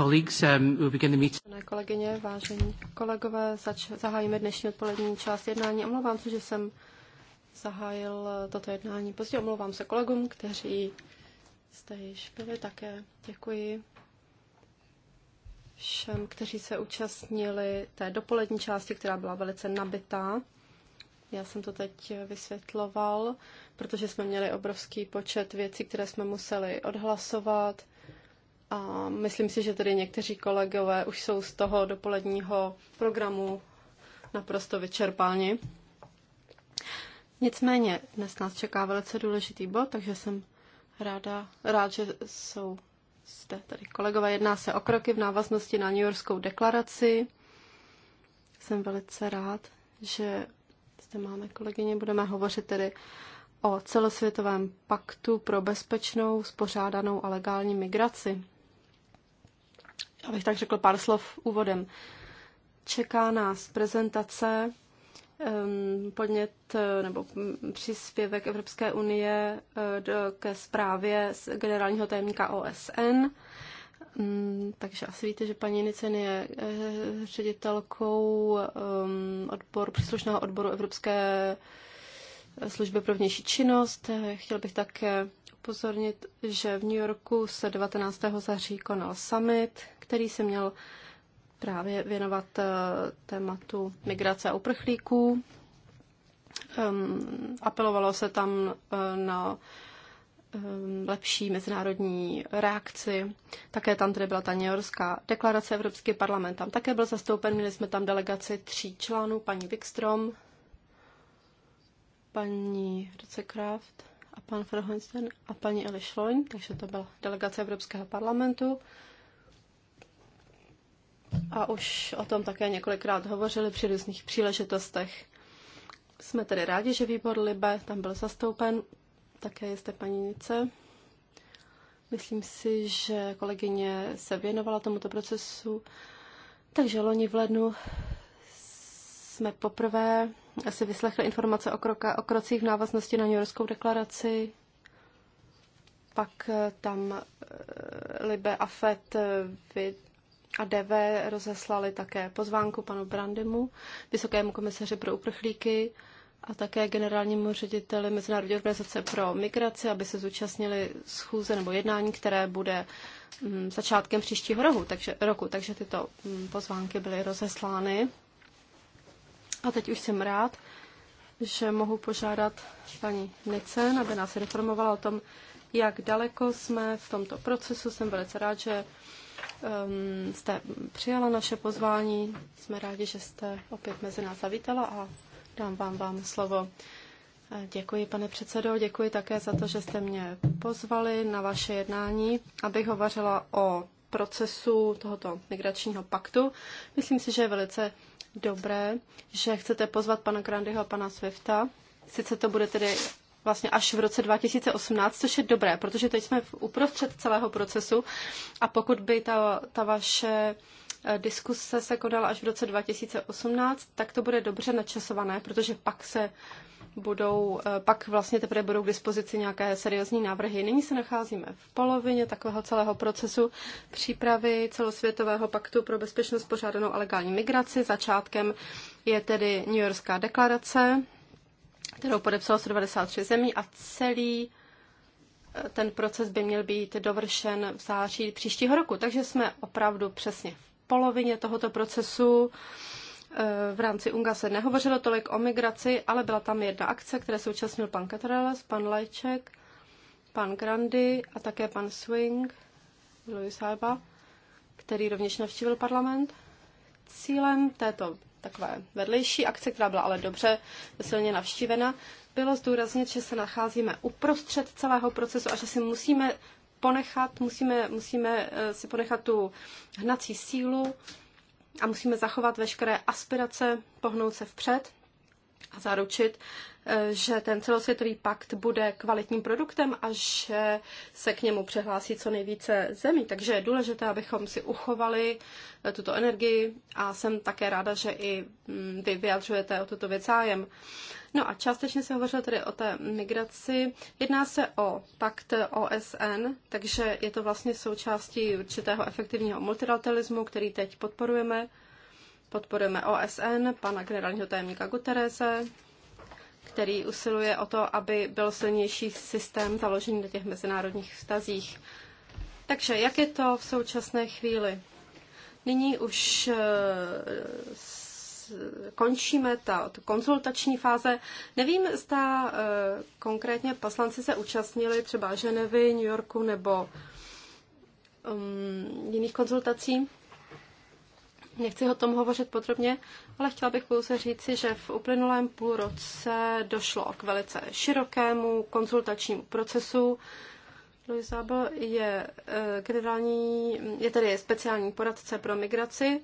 Um, Vážené kolegyně, vážení kolegové, zač- zahájíme dnešní odpolední část jednání. Omlouvám se, že jsem zahájil eh, toto jednání. Pozdě omlouvám se kolegům, kteří jste již byli také. Děkuji všem, kteří se účastnili té dopolední části, která byla velice nabitá. Já jsem to teď vysvětloval, protože jsme měli obrovský počet věcí, které jsme museli odhlasovat a myslím si, že tedy někteří kolegové už jsou z toho dopoledního programu naprosto vyčerpáni. Nicméně dnes nás čeká velice důležitý bod, takže jsem ráda, rád, že jsou zde tady kolegové. Jedná se o kroky v návaznosti na New Yorkskou deklaraci. Jsem velice rád, že zde máme kolegyně. Budeme hovořit tedy o celosvětovém paktu pro bezpečnou, spořádanou a legální migraci abych tak řekl pár slov úvodem. Čeká nás prezentace podnět eh, nebo příspěvek Evropské unie eh, ke zprávě z generálního tajemníka OSN. Mm, takže asi víte, že paní Nicen je eh, ředitelkou odboru, příslušného odboru Evropské služby pro vnější činnost. Chtěl bych také upozornit, že v New Yorku se 19. září konal summit, který se měl právě věnovat eh, tématu migrace a uprchlíků. Ehm, apelovalo se tam eh, na ehm, lepší mezinárodní reakci. Také tam tedy byla ta Yorkská deklarace Evropský parlament. Tam také byl zastoupen, měli jsme tam delegaci tří členů: paní Wikstrom, paní Rutzekraft pan Verhoeven a paní Eli Schloň, takže to byla delegace Evropského parlamentu. A už o tom také několikrát hovořili při různých příležitostech. Jsme tedy rádi, že výbor Libe tam byl zastoupen. Také jste paní Nice. Myslím si, že kolegyně se věnovala tomuto procesu. Takže loni v lednu jsme poprvé asi vyslechli informace o, kroka, o krocích v návaznosti na New Yorkskou deklaraci. Pak eh, tam eh, Libe a Fed eh, a DV rozeslali také pozvánku panu Brandemu, vysokému komisaři pro uprchlíky a také generálnímu řediteli Mezinárodní organizace pro migraci, aby se zúčastnili schůze nebo jednání, které bude mm, začátkem příštího roku. Takže, roku, takže tyto mm, pozvánky byly rozeslány. A teď už jsem rád, že mohu požádat paní Nicen, aby nás informovala o tom, jak daleko jsme v tomto procesu. Jsem velice rád, že um, jste přijala naše pozvání. Jsme rádi, že jste opět mezi nás zavítala a dám vám, vám slovo. Eh, děkuji, pane předsedo, děkuji také za to, že jste mě pozvali na vaše jednání, abych hovořila o procesu tohoto migračního paktu. Myslím si, že je velice dobré, že chcete pozvat pana Grandyho a pana Swifta. Sice to bude tedy vlastně až v roce 2018, což je dobré, protože teď jsme v uprostřed celého procesu a pokud by ta, ta vaše eh, diskuse se konala až v roce 2018, tak to bude dobře načasované, protože pak se budou, eh, pak vlastně teprve budou k dispozici nějaké seriózní návrhy. Nyní se nacházíme v polovině takového celého procesu přípravy celosvětového paktu pro bezpečnost pořádanou a legální migraci. Začátkem je tedy New Yorkská deklarace, kterou podepsalo 193 zemí a celý eh, ten proces by měl být dovršen v září příštího roku. Takže jsme opravdu přesně v polovině tohoto procesu. Eh, v rámci UNGA se nehovořilo tolik o migraci, ale byla tam jedna akce, které se účastnil pan Katarales, pan Lajček, pan Grandy a také pan Swing, Louis Alba, který rovněž navštívil parlament. Cílem této takové vedlejší akce, která byla ale dobře silně navštívena, bylo zdůraznit, že se nacházíme uprostřed celého procesu a že si musíme ponechat, musíme, musíme eh, si ponechat tu hnací sílu, a musíme zachovat veškeré aspirace, pohnout se vpřed a zaručit, eh, že ten celosvětový pakt bude kvalitním produktem a že se k němu přehlásí co nejvíce zemí. Takže je důležité, abychom si uchovali eh, tuto energii a jsem také ráda, že i mm, vy vyjadřujete o tuto věc zájem. No a částečně se hovořilo tedy o té migraci. Jedná se o pakt OSN, takže je to vlastně součástí určitého efektivního multilateralismu, který teď podporujeme. Podporujeme OSN, pana generálního tajemníka Guterese, který usiluje o to, aby byl silnější systém založený na těch mezinárodních vztazích. Takže jak je to v současné chvíli? Nyní už eh, končíme ta konzultační fáze. Nevím, zda eh, konkrétně poslanci se účastnili třeba Ženevy, New Yorku nebo um, jiných konzultací. Nechci o tom hovořit podrobně, ale chtěla bych pouze říci, že v uplynulém půlroce došlo k velice širokému konzultačnímu procesu. Louis Zabel je, eh, generální, je tedy speciální poradce pro migraci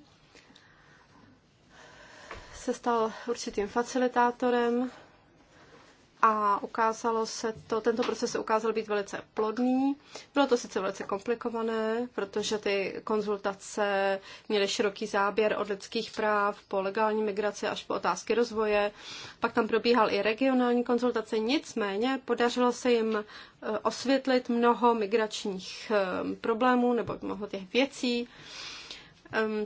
se stal určitým facilitátorem a ukázalo se to, tento proces se ukázal být velice plodný. Bylo to sice velice komplikované, protože ty konzultace měly široký záběr od lidských práv po legální migraci až po otázky rozvoje. Pak tam probíhal i regionální konzultace, nicméně podařilo se jim e, osvětlit mnoho migračních e, problémů nebo mnoho těch věcí.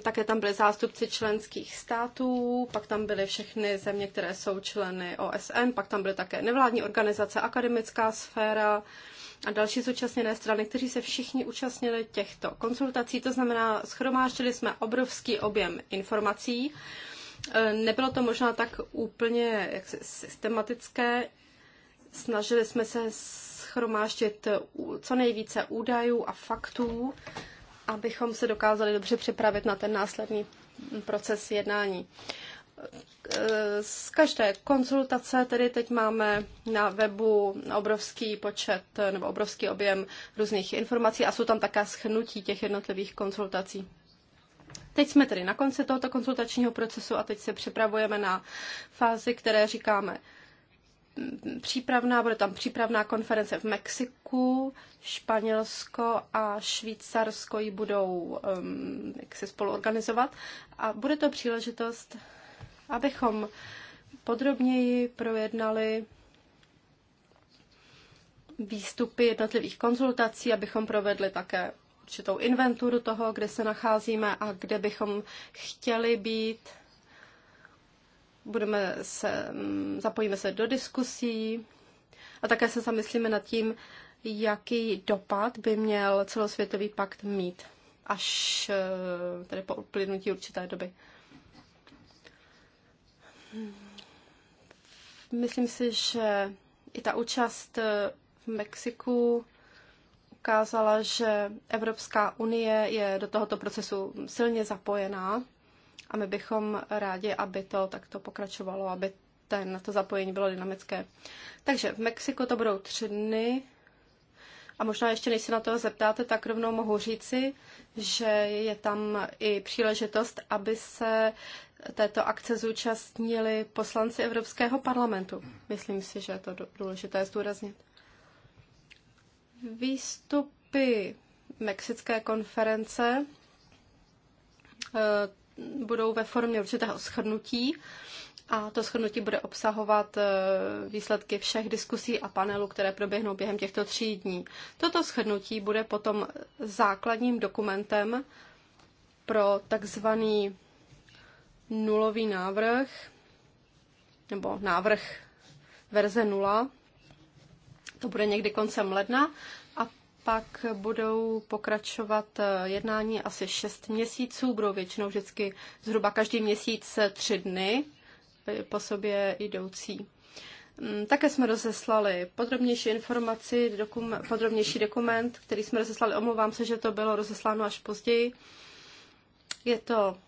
Také tam byly zástupci členských států, pak tam byly všechny země, které jsou členy OSN, pak tam byly také nevládní organizace, akademická sféra a další zúčastněné strany, kteří se všichni účastnili těchto konzultací. To znamená, schromáždili jsme obrovský objem informací. Nebylo to možná tak úplně jaksi, systematické. Snažili jsme se schromáždit co nejvíce údajů a faktů abychom se dokázali dobře připravit na ten následný proces jednání. Z každé konzultace tedy teď máme na webu obrovský počet nebo obrovský objem různých informací a jsou tam také schnutí těch jednotlivých konzultací. Teď jsme tedy na konci tohoto konzultačního procesu a teď se připravujeme na fázi, které říkáme přípravná, bude tam přípravná konference v Mexiku, Španělsko a Švýcarsko ji budou um, jak se spolu organizovat a bude to příležitost, abychom podrobněji projednali výstupy jednotlivých konzultací, abychom provedli také určitou inventuru toho, kde se nacházíme a kde bychom chtěli být budeme se, mm, zapojíme se do diskusí a také se zamyslíme nad tím, jaký dopad by měl celosvětový pakt mít až e, tedy po uplynutí určité doby. Myslím si, že i ta účast e, v Mexiku ukázala, že Evropská unie je do tohoto procesu silně zapojená. A my bychom rádi, aby to takto pokračovalo, aby ten, to zapojení bylo dynamické. Takže v Mexiku to budou tři dny. A možná ještě, než se na to zeptáte, tak rovnou mohu říci, že je tam i příležitost, aby se této akce zúčastnili poslanci Evropského parlamentu. Myslím si, že je to důležité zdůraznit. Výstupy Mexické konference eh, budou ve formě určitého schrnutí a to schrnutí bude obsahovat eh, výsledky všech diskusí a panelů, které proběhnou během těchto tří dní. Toto schrnutí bude potom základním dokumentem pro takzvaný nulový návrh nebo návrh verze nula. To bude někdy koncem ledna pak budou pokračovat eh, jednání asi 6 měsíců, budou většinou vždycky zhruba každý měsíc eh, tři dny eh, po sobě jdoucí. Mm, také jsme rozeslali podrobnější informaci, dokum, podrobnější dokument, který jsme rozeslali. Omlouvám se, že to bylo rozesláno až později. Je to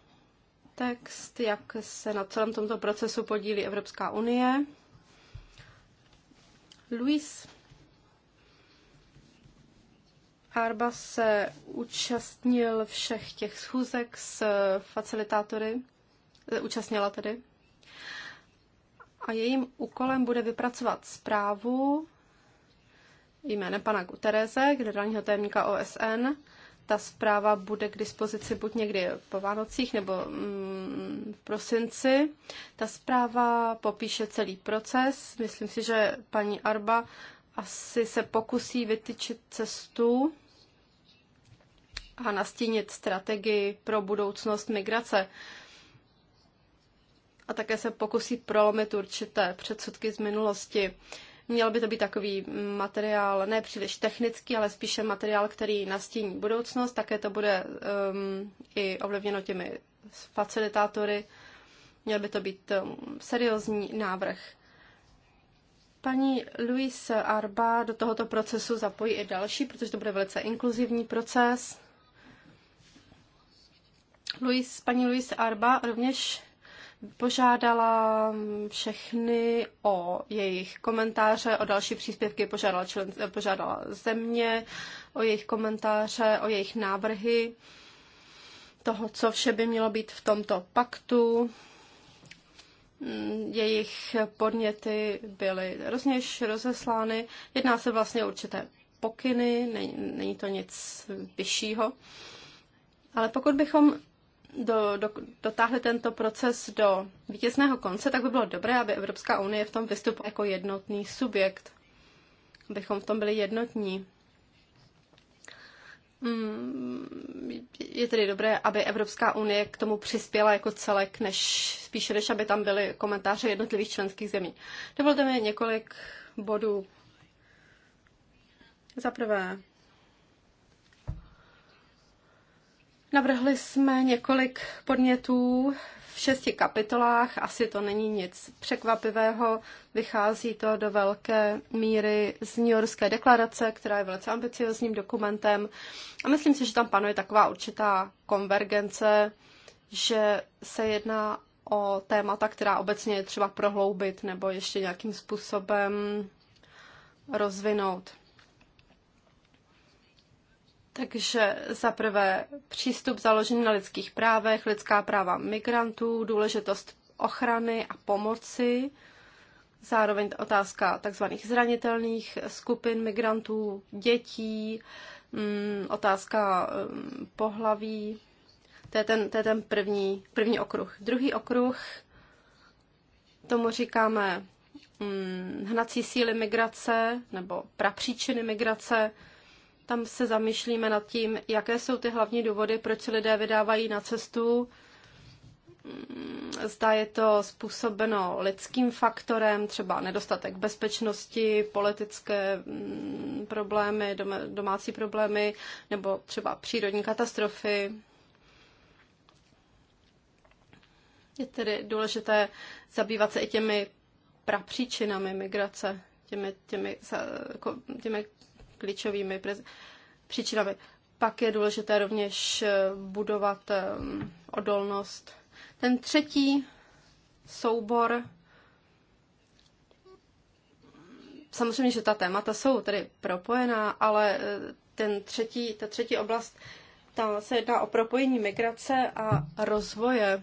text, jak se na celém tomto procesu podílí Evropská unie. Luis Arba se účastnil všech těch schůzek s facilitátory, eh, účastnila tedy, a jejím úkolem bude vypracovat zprávu jménem pana Gutereze, generálního tajemníka OSN. Ta zpráva bude k dispozici buď někdy po Vánocích nebo mm, v prosinci. Ta zpráva popíše celý proces. Myslím si, že paní Arba asi se pokusí vytyčit cestu a nastínit strategii pro budoucnost migrace. A také se pokusí prolomit určité předsudky z minulosti. Měl by to být takový materiál, ne příliš technický, ale spíše materiál, který nastíní budoucnost. Také to bude um, i ovlivněno těmi facilitátory. Měl by to být um, seriózní návrh. Paní Luis Arba do tohoto procesu zapojí i další, protože to bude velice inkluzivní proces. Luis, paní Luis Arba rovněž požádala všechny o jejich komentáře, o další příspěvky, požádala, člen, požádala země, o jejich komentáře, o jejich návrhy toho, co vše by mělo být v tomto paktu. Mm, jejich podněty byly rozněž rozeslány. Jedná se vlastně o určité pokyny, není, není to nic vyššího. Ale pokud bychom do, do, dotáhli tento proces do vítězného konce, tak by bylo dobré, aby Evropská unie v tom vystupovala jako jednotný subjekt, abychom v tom byli jednotní. Mm, je tedy dobré, aby Evropská unie k tomu přispěla jako celek, než spíše než aby tam byly komentáře jednotlivých členských zemí. Dovolte mi několik bodů. Za prvé, Navrhli jsme několik podnětů v šesti kapitolách, asi to není nic překvapivého, vychází to do velké míry z New Yorkské deklarace, která je velice ambiciozním dokumentem a myslím si, že tam panuje taková určitá konvergence, že se jedná o témata, která obecně je třeba prohloubit nebo ještě nějakým způsobem rozvinout. Takže za prvé přístup založený na lidských právech, lidská práva migrantů, důležitost ochrany a pomoci, zároveň otázka tzv. zranitelných skupin migrantů, dětí, mm, otázka mm, pohlaví. To je ten, to je ten první, první okruh. Druhý okruh, tomu říkáme mm, hnací síly migrace nebo prapříčiny migrace. Tam se zamýšlíme nad tím, jaké jsou ty hlavní důvody, proč lidé vydávají na cestu. Mm, zda je to způsobeno lidským faktorem, třeba nedostatek bezpečnosti, politické mm, problémy, domácí problémy, nebo třeba přírodní katastrofy, Je tedy důležité zabývat se i těmi prapříčinami migrace, těmi, těmi, jako, těmi klíčovými příčinami. Pak je důležité rovněž eh, budovat eh, odolnost. Ten třetí soubor, samozřejmě, že ta témata jsou tedy propojená, ale eh, ten třetí, ta třetí oblast, ta se jedná o propojení migrace a rozvoje.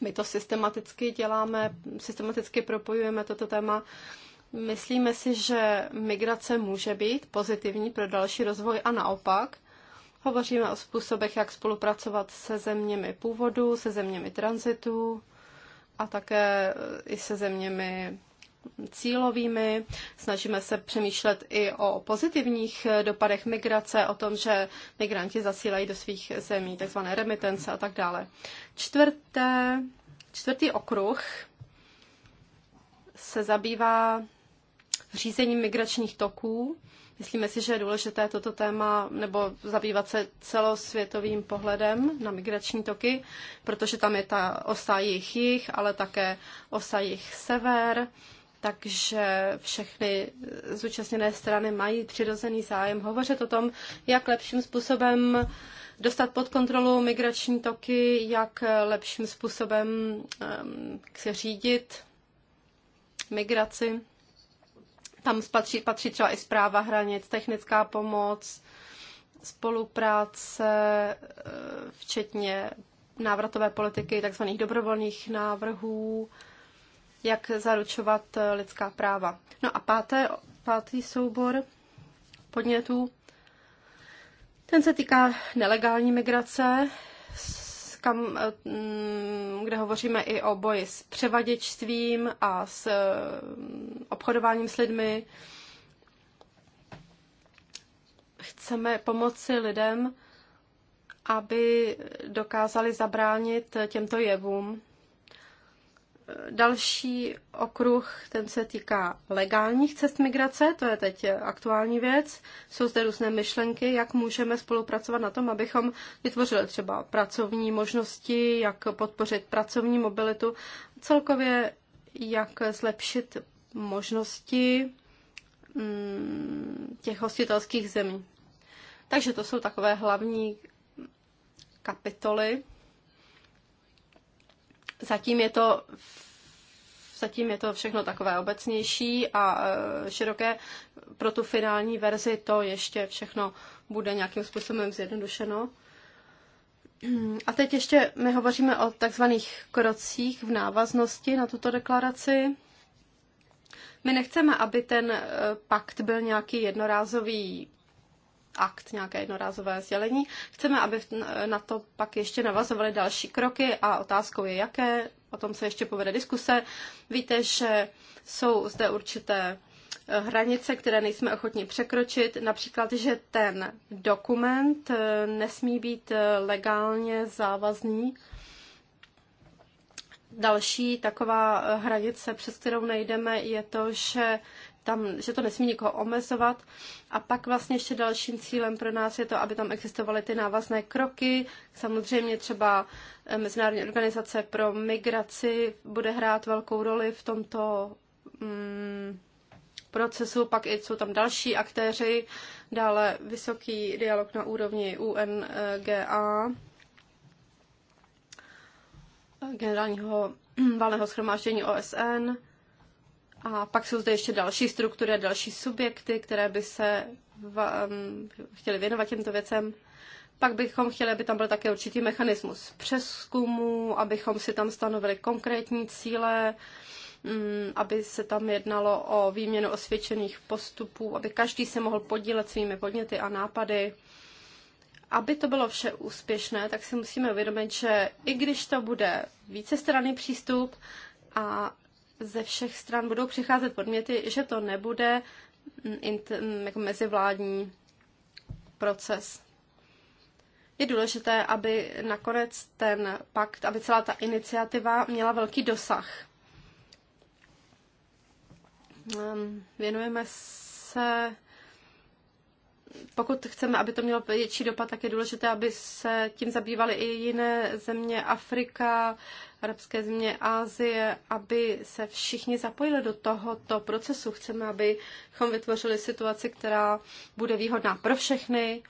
My to systematicky děláme, systematicky propojujeme toto téma Myslíme si, že migrace může být pozitivní pro další rozvoj a naopak. Hovoříme o způsobech, jak spolupracovat se zeměmi původu, se zeměmi tranzitu a také eh, i se zeměmi cílovými. Snažíme se přemýšlet i o pozitivních eh, dopadech migrace, o tom, že migranti zasílají do svých zemí takzvané remitence a tak dále. Čtvrté, čtvrtý okruh se zabývá řízení migračních toků. Myslíme si, že je důležité toto téma nebo zabývat se celosvětovým pohledem na migrační toky, protože tam je ta osa jich jich, ale také osa jich sever, takže všechny zúčastněné strany mají přirozený zájem hovořit o tom, jak lepším způsobem dostat pod kontrolu migrační toky, jak lepším způsobem um, se řídit migraci. Tam spatří, patří třeba i zpráva hranic, technická pomoc, spolupráce, eh, včetně návratové politiky, takzvaných dobrovolných návrhů, jak zaručovat eh, lidská práva. No a páté, pátý soubor podnětů, ten se týká nelegální migrace, kam, eh, kde hovoříme i o boji s převaděčstvím a s eh, obchodováním s lidmi. Chceme pomoci lidem, aby dokázali zabránit těmto jevům. Další okruh, ten se týká legálních cest migrace, to je teď aktuální věc. Jsou zde různé myšlenky, jak můžeme spolupracovat na tom, abychom vytvořili třeba pracovní možnosti, jak podpořit pracovní mobilitu, celkově jak zlepšit možnosti mm, těch hostitelských zemí. Takže to jsou takové hlavní kapitoly Zatím je to zatím je to všechno takové obecnější a e, široké. Pro tu finální verzi to ještě všechno bude nějakým způsobem zjednodušeno. A teď ještě my hovoříme o takzvaných krocích v návaznosti na tuto deklaraci. My nechceme, aby ten e, pakt byl nějaký jednorázový akt, nějaké jednorázové sdělení. Chceme, aby na to pak ještě navazovaly další kroky a otázkou je, jaké. O tom se ještě povede diskuse. Víte, že jsou zde určité eh, hranice, které nejsme ochotni překročit, například, že ten dokument eh, nesmí být eh, legálně závazný. Další taková hranice, přes kterou nejdeme, je to, že tam, že to nesmí nikoho omezovat. A pak vlastně ještě dalším cílem pro nás je to, aby tam existovaly ty návazné kroky. Samozřejmě třeba eh, Mezinárodní organizace pro migraci bude hrát velkou roli v tomto mm, procesu, pak i jsou tam další aktéři, dále vysoký dialog na úrovni UNGA, generálního valného schromáždění OSN, a pak jsou zde ještě další struktury a další subjekty, které by se chtěly chtěli věnovat těmto věcem. Pak bychom chtěli, aby tam byl také určitý mechanismus přeskumu, abychom si tam stanovili konkrétní cíle, mm, aby se tam jednalo o výměnu osvědčených postupů, aby každý se mohl podílet svými podněty a nápady. Aby to bylo vše úspěšné, tak si musíme uvědomit, že i když to bude vícestranný přístup a ze všech stran budou přicházet podměty, že to nebude mm, mm, jako mezivládní proces. Je důležité, aby nakonec ten pakt, aby celá ta iniciativa měla velký dosah. Ehm, věnujeme se, pokud chceme, aby to mělo větší dopad, tak je důležité, aby se tím zabývaly i jiné země, Afrika, arabské země Ázie, aby se všichni zapojili do tohoto procesu. Chceme, abychom vytvořili situaci, která bude výhodná pro všechny.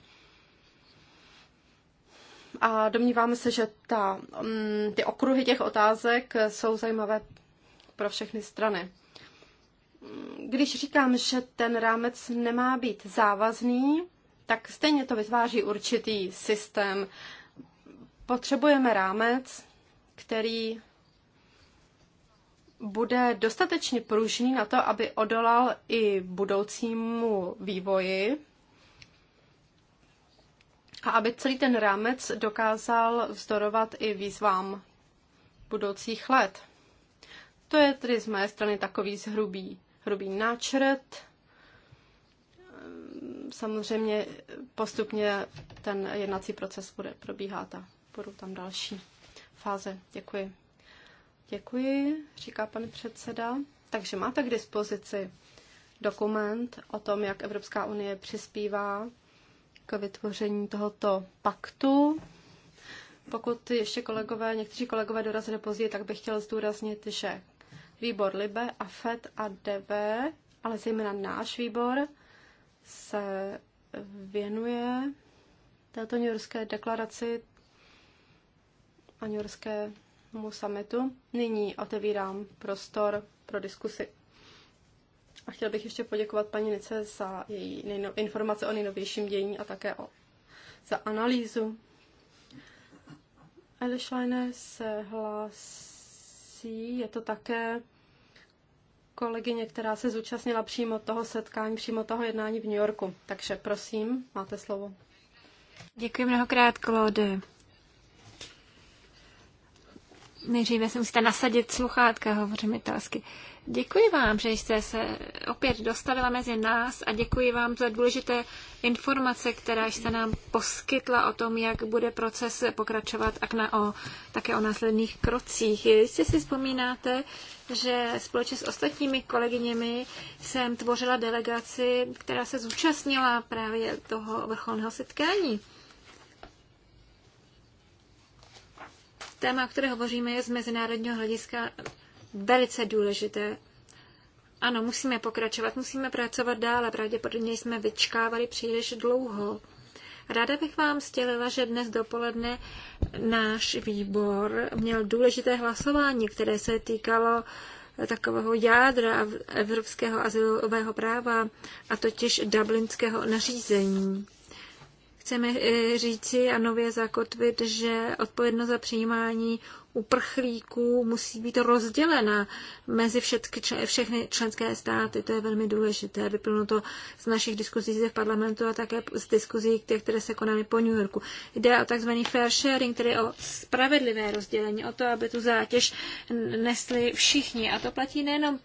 A domníváme se, že ta, mm, ty okruhy těch otázek jsou zajímavé pro všechny strany. Když říkám, že ten rámec nemá být závazný, tak stejně to vytváří určitý systém. Potřebujeme rámec, který bude dostatečně pružný na to, aby odolal i budoucímu vývoji a aby celý ten rámec dokázal vzdorovat i výzvám budoucích let. To je tedy z mé strany takový zhrubý, hrubý náčrt. Samozřejmě postupně ten jednací proces bude probíhat a budou tam další fáze. Děkuji. Děkuji, říká pan předseda. Takže máte k dispozici dokument o tom, jak Evropská unie přispívá k vytvoření tohoto paktu. Pokud ještě kolegové, někteří kolegové dorazili později, tak bych chtěl zdůraznit, že výbor Libe a FED a DV, ale zejména náš výbor, se věnuje této New deklaraci anjurskému summitu. Nyní otevírám prostor pro diskusi. A chtěl bych ještě poděkovat paní Nice za její nejno, informace o nejnovějším dění a také o, za analýzu. Elišleine se hlásí, je to také kolegyně, která se zúčastnila přímo toho setkání, přímo toho jednání v New Yorku. Takže prosím, máte slovo. Děkuji mnohokrát, Claude. Nejdříve si musíte nasadit sluchátka, hovořím italsky. Děkuji vám, že jste se opět dostavila mezi nás a děkuji vám za důležité informace, která jste nám poskytla o tom, jak bude proces pokračovat a na, o, také o následných krocích. Jistě si vzpomínáte, že společně s ostatními kolegyněmi jsem tvořila delegaci, která se zúčastnila právě toho vrcholného setkání. téma, o které hovoříme, je z mezinárodního hlediska velice důležité. Ano, musíme pokračovat, musíme pracovat dále, pravděpodobně jsme vyčkávali příliš dlouho. Ráda bych vám stělila, že dnes dopoledne náš výbor měl důležité hlasování, které se týkalo takového jádra evropského azylového práva, a totiž dublinského nařízení. Chceme eh, říci a nově zakotvit, že odpovědnost za přijímání uprchlíků musí být rozdělena mezi všetky, všechny členské státy. To je velmi důležité. Vyplnulo to z našich diskuzí zde v parlamentu a také z diskuzí, které se konaly po New Yorku. Jde o tzv. fair sharing, tedy o spravedlivé rozdělení, o to, aby tu zátěž nesli všichni. A to platí nejenom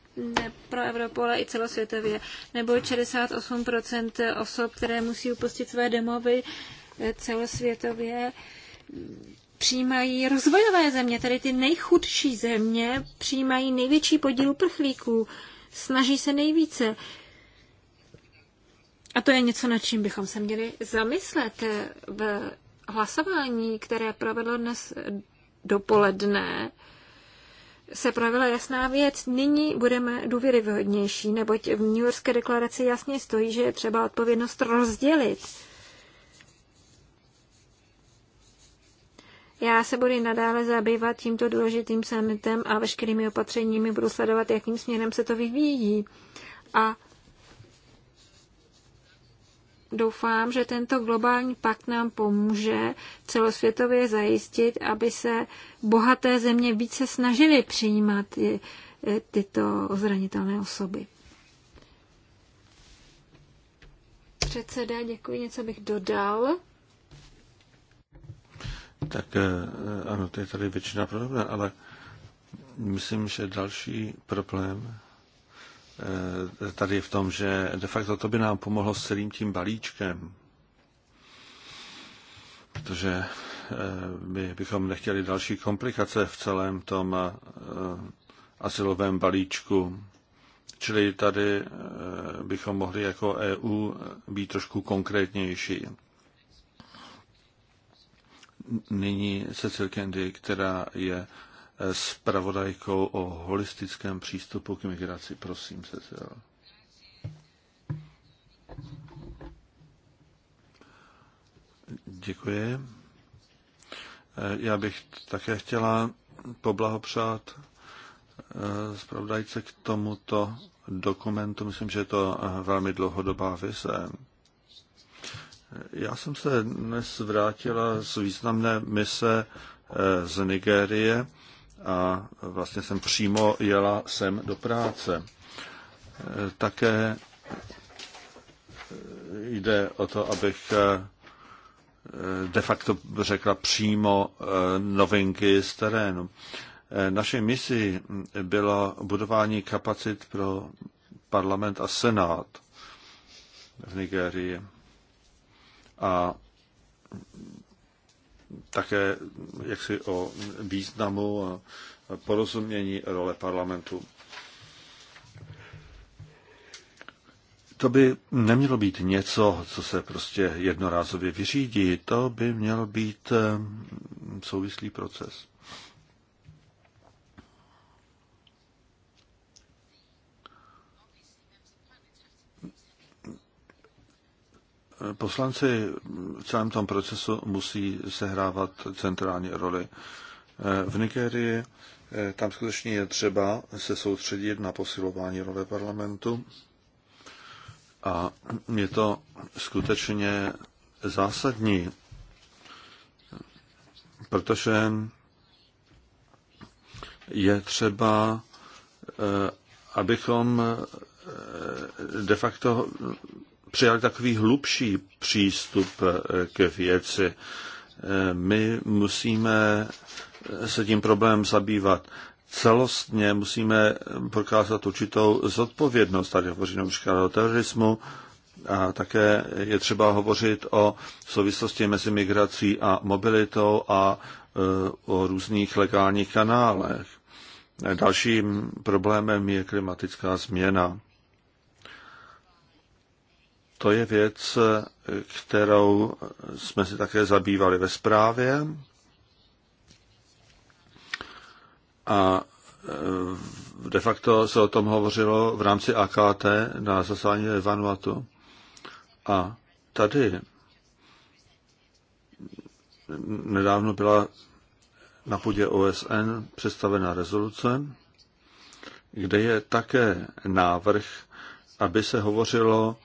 pro Evropu, ale i celosvětově. Nebo 68% osob, které musí upustit své domovy celosvětově, přijímají rozvojové země, tedy ty nejchudší země přijímají největší podíl uprchlíků, snaží se nejvíce. A to je něco, nad čím bychom se měli zamyslet eh, v hlasování, které provedlo dnes dopoledne se projevila jasná věc. Nyní budeme důvěryhodnější, neboť v New Yorkské deklaraci jasně stojí, že je třeba odpovědnost rozdělit. Já se budu nadále zabývat tímto důležitým summitem a veškerými opatřeními budu sledovat, jakým směrem se to vyvíjí. A doufám, že tento globální pakt nám pomůže celosvětově zajistit, aby se bohaté země více snažily přijímat tyto zranitelné osoby. Předseda, děkuji, něco bych dodal. Tak eh, ano, to je tady většina problémů, ale myslím, že další problém eh, tady je v tom, že de facto to by nám pomohlo s celým tím balíčkem, protože eh, my bychom nechtěli další komplikace v celém tom asilovém balíčku. Čili tady bychom mohli jako EU být trošku konkrétnější nyní Cecil Candy, která je spravodajkou eh, o holistickém přístupu k migraci. Prosím, Cecil. Děkuji. Eh, já bych také chtěla poblahopřát eh, zpravodajce k tomuto dokumentu. Myslím, že je to velmi dlouhodobá vize. Já jsem se dnes vrátila z významné mise eh, z Nigérie a vlastně jsem přímo jela sem do práce. Eh, také eh, jde o to, abych de facto řekla přímo novinky z terénu. Naše misi bylo budování kapacit pro parlament a senát v Nigérii a také jaksi o významu a porozumění role parlamentu. To by nemělo být něco, co se prostě jednorázově vyřídí. To by měl být eh, souvislý proces. Poslanci v celém tom procesu musí sehrávat centrální roli. Eh, v Nigérii eh, tam skutečně je třeba se soustředit na posilování role parlamentu a je to skutečně zásadní, protože je třeba, eh, abychom de facto přijali takový hlubší přístup eh, k věci. Eh, my musíme eh, se tím problémem zabývat celostně, musíme prokázat určitou zodpovědnost. Tady hovoříme například o terorismu a také je třeba hovořit o souvislosti mezi migrací a mobilitou a o různých legálních kanálech. Dalším problémem je klimatická změna. To je věc, kterou jsme si také zabývali ve zprávě. A eh, de facto se o tom hovořilo v rámci AKT na zasání ve Vanuatu. A tady nedávno byla na půdě OSN představena rezoluce, kde je také návrh, aby se hovořilo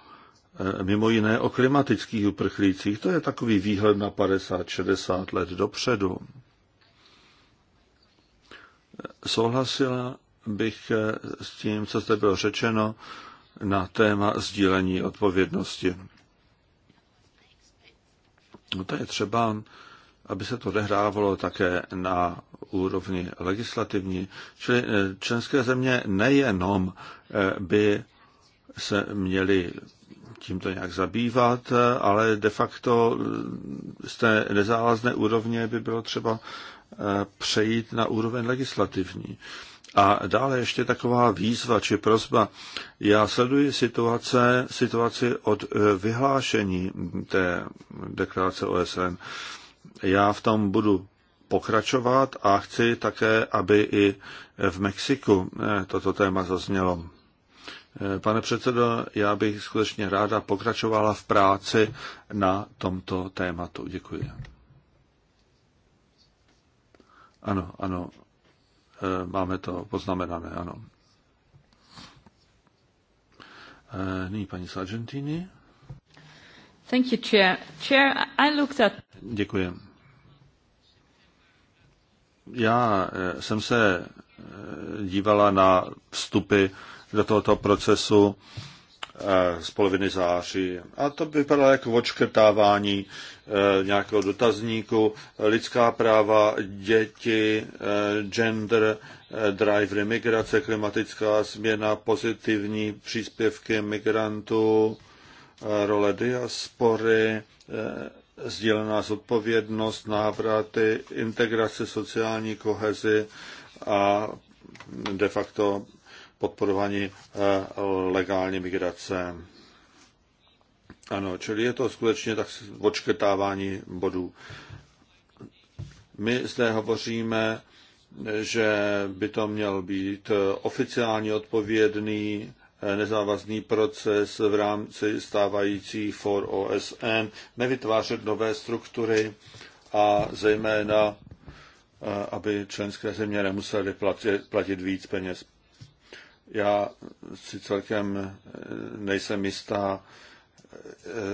Eh, mimo jiné o klimatických uprchlících. To je takový výhled na 50-60 let dopředu. Eh, souhlasila bych eh, s tím, co zde bylo řečeno na téma sdílení odpovědnosti. No to je třeba, aby se to odehrávalo také na úrovni legislativní. Čili členské země nejenom by se měly tímto nějak zabývat, ale de facto z té nezávazné úrovně by bylo třeba eh, přejít na úroveň legislativní. A dále ještě taková výzva či prozba. Já sleduji situace, situaci od eh, vyhlášení té deklarace OSN. Já v tom budu pokračovat a chci také, aby i v Mexiku eh, toto téma zaznělo. Pane předsedo, já bych skutečně ráda pokračovala v práci na tomto tématu. Děkuji. Ano, ano, e, máme to poznamenané, ano. E, nyní paní z Argentiny. Thank you, Chair. Chair, I looked at... Děkuji. Já e, jsem se dívala na vstupy do tohoto procesu eh, z poloviny září. A to by vypadalo jako odškrtávání eh, nějakého dotazníku, lidská práva, děti, eh, gender, drive migrace, klimatická změna, pozitivní příspěvky migrantů, role diaspory, sdílená zodpovědnost, návraty, integrace, sociální kohezy a de facto podporovaní eh, legální migrace. Ano, čili je to skutečně tak odškrtávání bodů. My zde hovoříme, že by to měl být oficiálně odpovědný eh, nezávazný proces v rámci stávající for OSN, nevytvářet nové struktury a zejména, eh, aby členské země nemusely platit, platit víc peněz. Já si celkem eh, nejsem jistá, eh,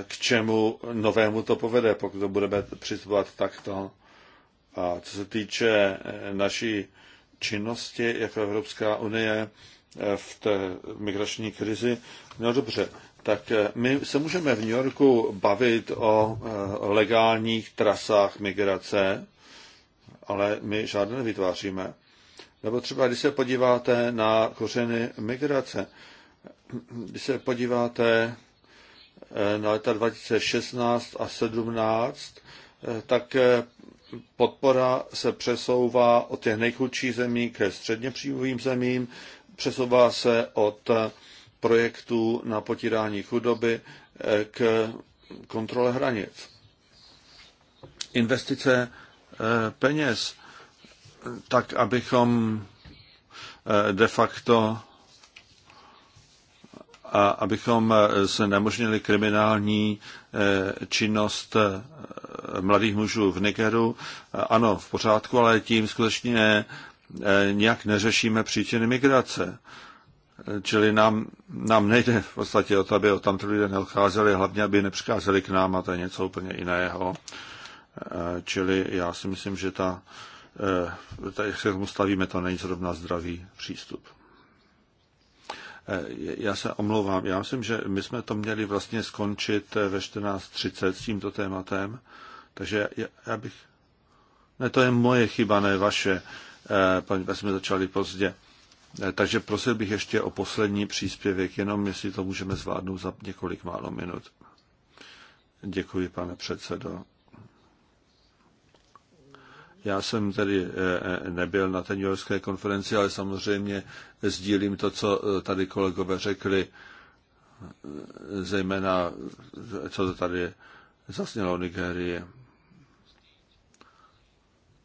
k čemu novému to povede, pokud to budeme přistupovat takto. A co se týče eh, naší činnosti jako Evropská unie v té migrační krizi, no dobře, tak my se můžeme v New Yorku bavit o legálních trasách migrace, ale my žádné nevytváříme. Nebo třeba, když se podíváte na kořeny migrace, když se podíváte eh, na leta 2016 a 17, eh, tak eh, podpora se přesouvá od těch nejchudších zemí ke středně příjmovým zemím, přesouvá se od projektů na potírání chudoby k kontrole hranic. Investice peněz tak abychom eh, de facto a abychom znemožnili eh, kriminální eh, činnost mladých mužů v Nigeru. Ano, v pořádku, ale tím skutečně nějak neřešíme příčiny migrace. Čili nám, nám nejde v podstatě o to, aby tam tamto lidé neodcházeli, hlavně aby nepřicházeli k nám a to je něco úplně jiného. Čili já si myslím, že ta Eh, tak se tomu stavíme, to není zrovna zdravý přístup. Eh, já se omlouvám, já myslím, že my jsme to měli vlastně skončit eh, ve 14.30 s tímto tématem, takže já, já bych... Ne, to je moje chyba, ne vaše, paní, jsme začali pozdě. Takže prosil bych ještě o poslední příspěvek, jenom jestli to můžeme zvládnout za několik málo minut. Děkuji, pane předsedo. Já jsem tedy eh, eh, nebyl na té New Yorkské konferenci, ale samozřejmě sdílím to, co eh, tady kolegové řekli, zejména co to tady zasnělo o Nigérii.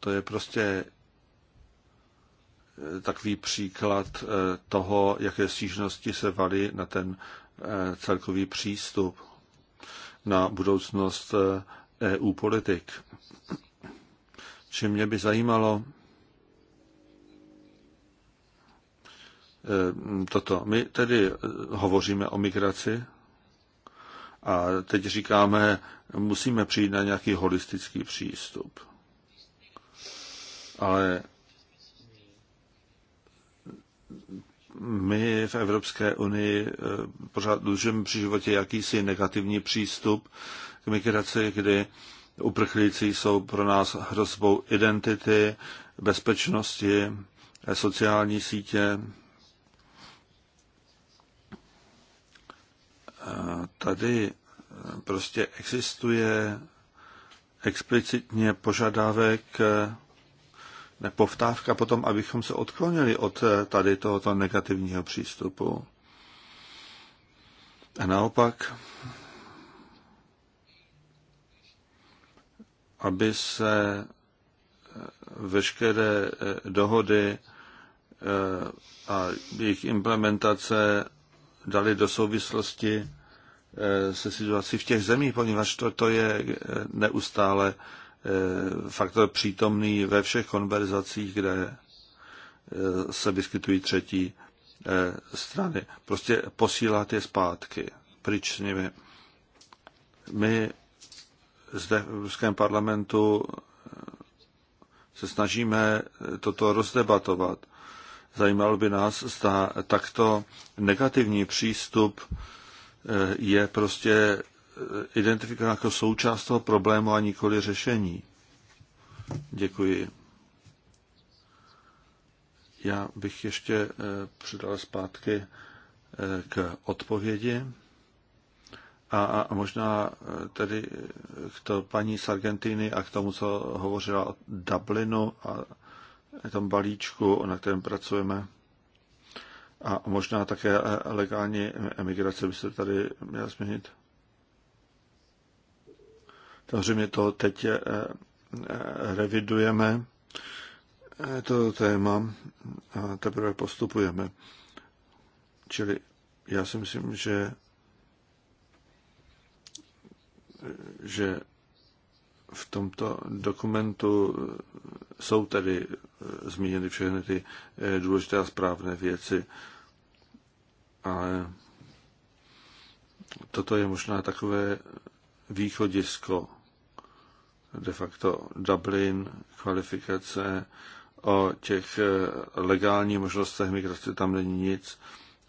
To je prostě takový příklad toho, jaké stížnosti se valí na ten celkový přístup na budoucnost EU e politik že mě by zajímalo eh, toto. My tedy hovoříme o migraci a teď říkáme, musíme přijít na nějaký holistický přístup. Ale my v Evropské unii eh, pořád držíme při životě jakýsi negativní přístup k migraci, kdy Uprchlíci jsou pro nás hrozbou identity, bezpečnosti, sociální sítě. Tady prostě existuje explicitně požadavek nepovtávka potom, abychom se odklonili od tady tohoto negativního přístupu. A naopak aby se eh, veškeré eh, dohody eh, a jejich implementace dali do souvislosti se situací v těch zemích, poněvadž to, to je neustále faktor přítomný ve všech konverzacích, kde se vyskytují třetí strany. Prostě posílat je zpátky, pryč s nimi. My zde v Evropském parlamentu eh, se snažíme toto rozdebatovat. Zajímalo by nás, zda takto negativní přístup eh, je prostě eh, identifikován jako součást toho problému a nikoli řešení. Děkuji. Já bych ještě předal zpátky k odpovědi. A, a možná eh, tedy eh, k to paní z Argentiny a k tomu, co hovořila o Dublinu a tom balíčku, na kterém pracujeme. A možná také eh, legální emigrace by se tady měla změnit. Samozřejmě to teď revidujeme, to téma, a teprve postupujeme. Čili já si myslím, že že v tomto dokumentu jsou tedy eh, zmíněny všechny ty eh, důležité a správné věci, ale toto je možná takové východisko de facto Dublin, kvalifikace, o těch eh, legálních možnostech migrace tam není nic.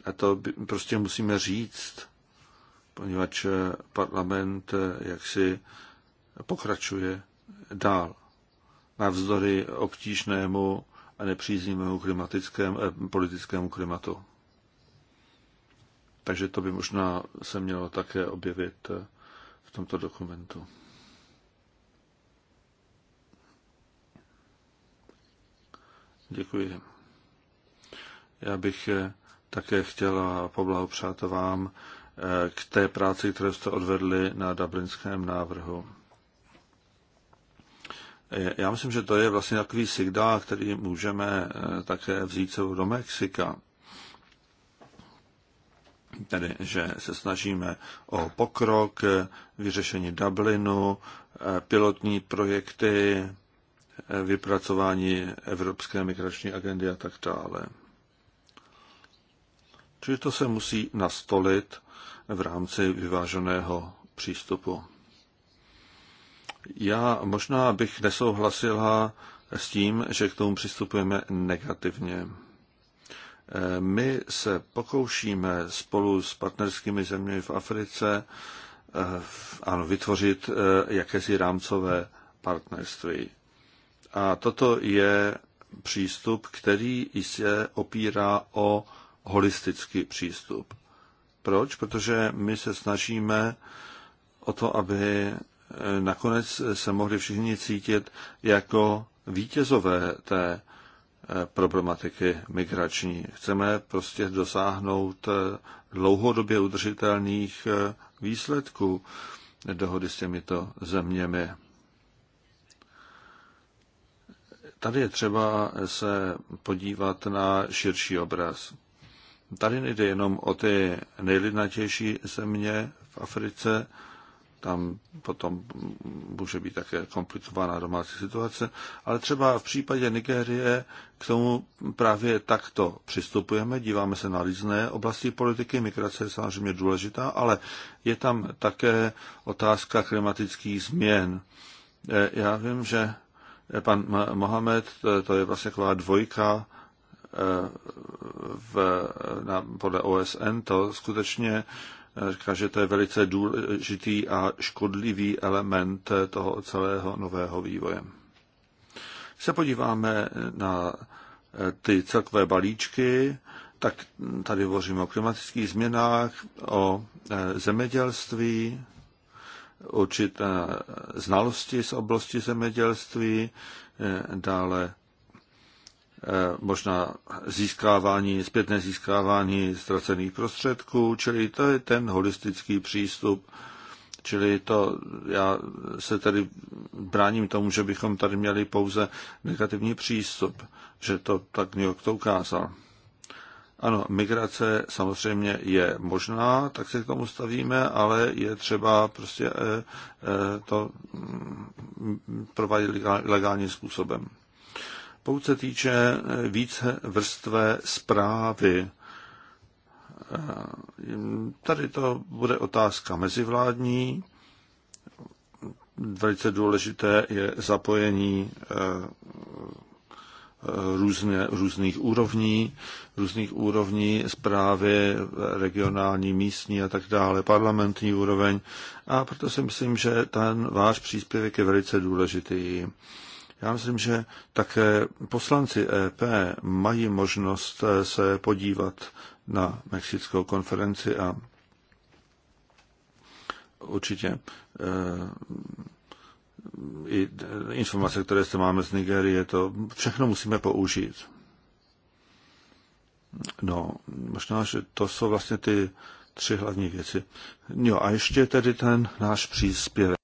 A to prostě musíme říct poněvadž parlament eh, jaksi pokračuje dál. Navzdory obtížnému a nepříznivému klimatickému, eh, politickému klimatu. Takže to by možná se mělo také objevit eh, v tomto dokumentu. Děkuji. Já bych eh, také chtěla poblahopřát vám k té práci, kterou jste odvedli na dublinském návrhu. Já myslím, že to je vlastně takový signál, který můžeme eh, také vzít sebou do Mexika. Tedy, že se snažíme o pokrok, vyřešení Dublinu, eh, pilotní projekty, eh, vypracování Evropské migrační agendy a tak dále. Čili to se musí nastolit v rámci vyváženého přístupu. Já možná bych nesouhlasila s tím, že k tomu přistupujeme negativně. My se pokoušíme spolu s partnerskými zeměmi v Africe eh, ano, vytvořit eh, jakési rámcové partnerství. A toto je přístup, který se opírá o holistický přístup. Proč? Protože my se snažíme o to, aby eh, nakonec se mohli všichni cítit jako vítězové té eh, problematiky migrační. Chceme prostě dosáhnout eh, dlouhodobě udržitelných výsledků dohody s těmito zeměmi. Tady je třeba se podívat na širší obraz. Tady nejde jenom o ty nejlidnatější země v Africe, tam potom může být také komplikovaná domácí situace, ale třeba v případě Nigérie k tomu právě takto přistupujeme, díváme se na různé oblasti politiky, migrace je samozřejmě důležitá, ale je tam také otázka klimatických změn. E, já vím, že pan Mohamed, to je vlastně taková dvojka v, na, podle OSN, to skutečně eh, říká, že to je velice důležitý a škodlivý element toho celého nového vývoje. Když se podíváme na eh, ty celkové balíčky, tak tady hovoříme o klimatických změnách, o eh, zemědělství, určité znalosti z oblasti zemědělství, dále Eh, možná získávání, zpětné získávání ztracených prostředků, čili to je ten holistický přístup, Čili to, já se tady bráním tomu, že bychom tady měli pouze negativní přístup, že to tak nějak to ukázal. Ano, migrace samozřejmě je možná, tak se k tomu stavíme, ale je třeba prostě eh, eh, to mm, provádět legálním způsobem. Pokud se týče eh, více vrstvé zprávy, eh, tady to bude otázka mezivládní. Velice důležité je zapojení eh, různě, různých úrovní, různých úrovní zprávy, regionální, místní a tak dále, parlamentní úroveň. A proto si myslím, že ten váš příspěvek je velice důležitý. Já myslím, že také poslanci EP mají možnost eh, se podívat na mexickou konferenci a určitě eh, i informace, které zde máme z Nigerie, to všechno musíme použít. No, možná, že to jsou vlastně ty tři hlavní věci. Jo, a ještě tedy ten náš příspěvek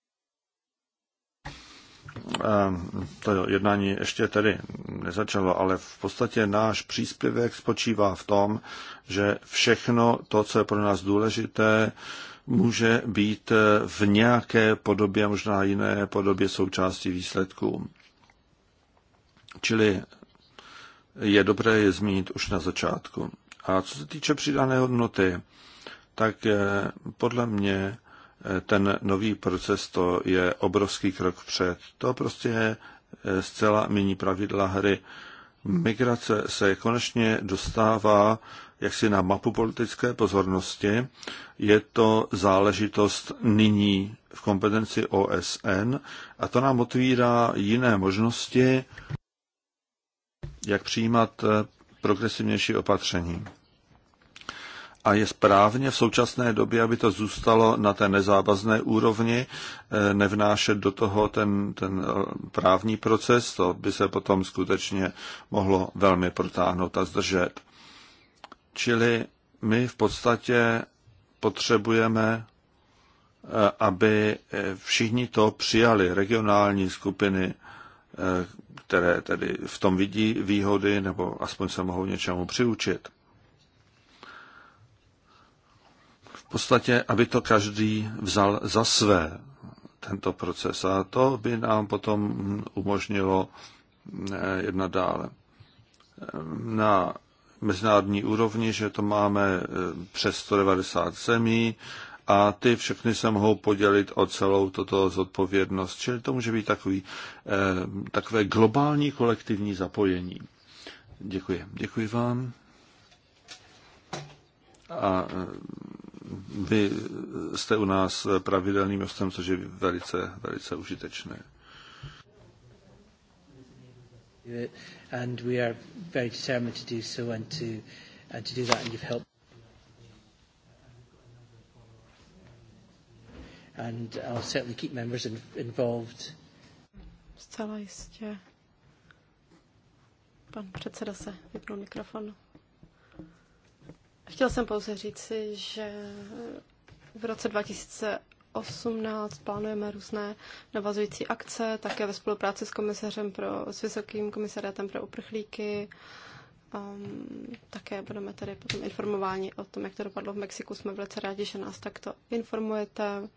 to jednání ještě tedy nezačalo, ale v podstatě náš příspěvek spočívá v tom, že všechno to, co je pro nás důležité, může být v nějaké podobě, možná jiné podobě součástí výsledků. Čili je dobré je zmínit už na začátku. A co se týče přidané hodnoty, tak eh, podle mě ten nový proces, to je obrovský krok před. To prostě je eh, zcela mění pravidla hry. Migrace se konečně dostává jaksi na mapu politické pozornosti. Je to záležitost nyní v kompetenci OSN a to nám otvírá jiné možnosti, jak přijímat eh, progresivnější opatření a je správně v současné době, aby to zůstalo na té nezávazné úrovni, eh, nevnášet do toho ten, ten eh, právní proces, to by se potom skutečně mohlo velmi protáhnout a zdržet. Čili my v podstatě potřebujeme, eh, aby všichni to přijali, regionální skupiny, které tedy v tom vidí výhody, nebo aspoň se mohou něčemu přiučit. podstatě, aby to každý vzal za své, tento proces. A to by nám potom umožnilo eh, jednat dále. Ehm, na mezinárodní úrovni, že to máme eh, přes 190 zemí a ty všechny se mohou podělit o celou toto zodpovědnost. Čili to může být takový, eh, takové globální kolektivní zapojení. Děkuji. Děkuji vám. A vy jste u nás pravidelným hostem, což je velice, velice užitečné. And to to, I'll certainly keep members in, involved. Zcela jistě. Pan předseda se vypnul mikrofonu. Chtěl jsem pouze si, že v roce 2018 plánujeme různé navazující akce, také ve spolupráci s komisařem pro, s Vysokým komisariátem pro uprchlíky. Um, také budeme tady potom informováni o tom, jak to dopadlo v Mexiku. Jsme velice rádi, že nás takto informujete.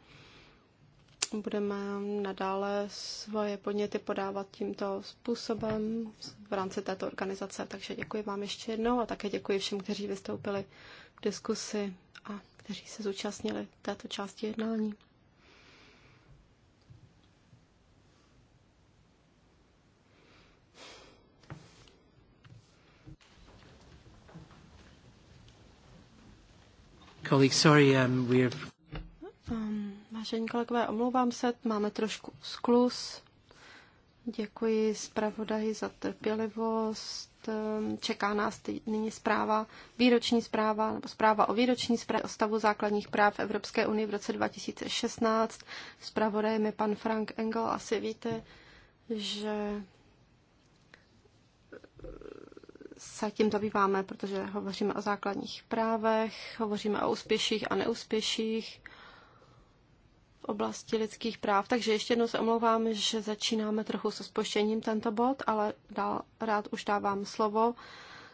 Vlastně budeme nadále svoje podněty podávat tímto způsobem v rámci této organizace. Takže děkuji vám ještě jednou a také děkuji všem, kteří vystoupili v diskusi a kteří se zúčastnili této části jednání. Colleague, sorry, um, we're... Um, Vážení kolegové, omlouvám se, máme trošku sklus. Děkuji zpravodaji za trpělivost. Ehm, čeká nás nyní zpráva, výroční zpráva, nebo zpráva o výroční zpráva o stavu základních práv Evropské unie v roce 2016. Zpravodajem je pan Frank Engel. Asi víte, že eh, se tím zabýváme, protože hovoříme o základních právech, hovoříme o úspěších a neúspěších v oblasti lidských práv. Takže ještě jednou se omlouvám, že začínáme trochu se spoštěním tento bod, ale dál, rád už dávám slovo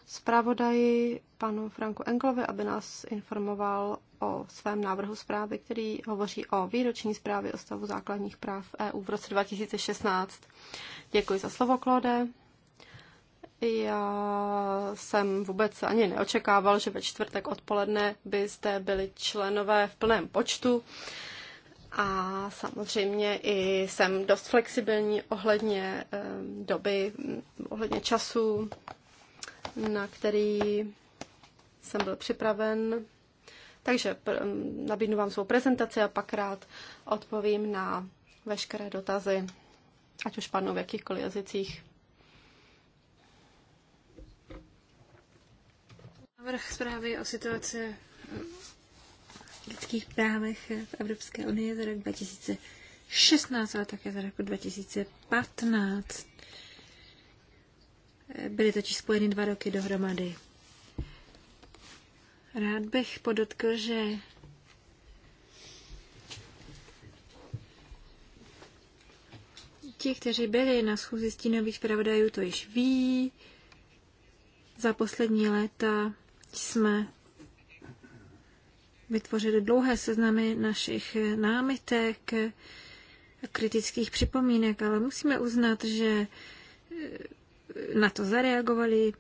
zpravodaji panu Franku Englovi, aby nás informoval o svém návrhu zprávy, který hovoří o výroční zprávě o stavu základních práv EU v roce 2016. Děkuji za slovo, Klode. Já jsem vůbec ani neočekával, že ve čtvrtek odpoledne byste byli členové v plném počtu. Uh, a samozřejmě i jsem dost flexibilní ohledně doby, ohledně času, na který jsem byl připraven. Takže nabídnu vám svou prezentaci a pak rád odpovím na veškeré dotazy, ať už padnou v jakýchkoliv jazycích. Návrh zprávy o situaci lidských právech v Evropské unii za rok 2016, ale také za roku 2015. Byly totiž spojeny dva roky dohromady. Rád bych podotkl, že ti, kteří byli na schůzi stínových pravodajů, to již ví. Za poslední léta jsme vytvořili dlouhé seznamy našich námitek kritických připomínek, ale musíme uznat, že e, na to zareagovali.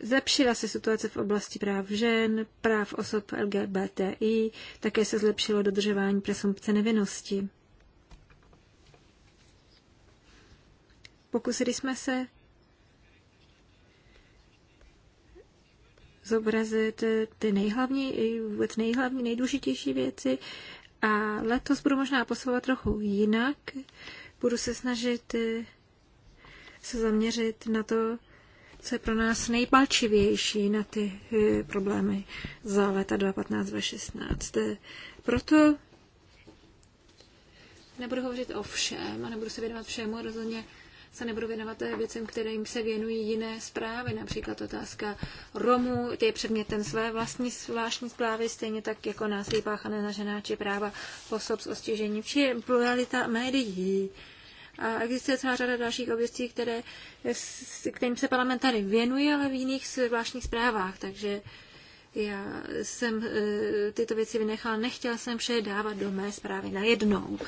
Zlepšila se situace v oblasti práv žen, práv osob LGBTI, také se zlepšilo dodržování presumpce nevinnosti. Pokusili jsme se zobrazit eh, ty nejhlavní, vůbec nejhlavní, nejdůležitější věci. A letos budu možná posouvat trochu jinak. Budu se snažit eh, se zaměřit na to, co je pro nás nejpalčivější na ty eh, problémy za leta 2015-2016. Proto nebudu hovořit o všem a nebudu se věnovat všemu, rozhodně se nebudu věnovat věcem, kterým se věnují jiné zprávy, například otázka Romů, ty je předmětem své vlastní zvláštní zprávy, stejně tak jako násilí páchané na žená, či práva osob s ostižením, či pluralita médií. A existuje celá řada dalších oblastí, které, kterým se parlament tady věnuje, ale v jiných zvláštních zprávách. Takže já jsem e, tyto věci vynechala, nechtěla jsem vše dávat do mé zprávy najednou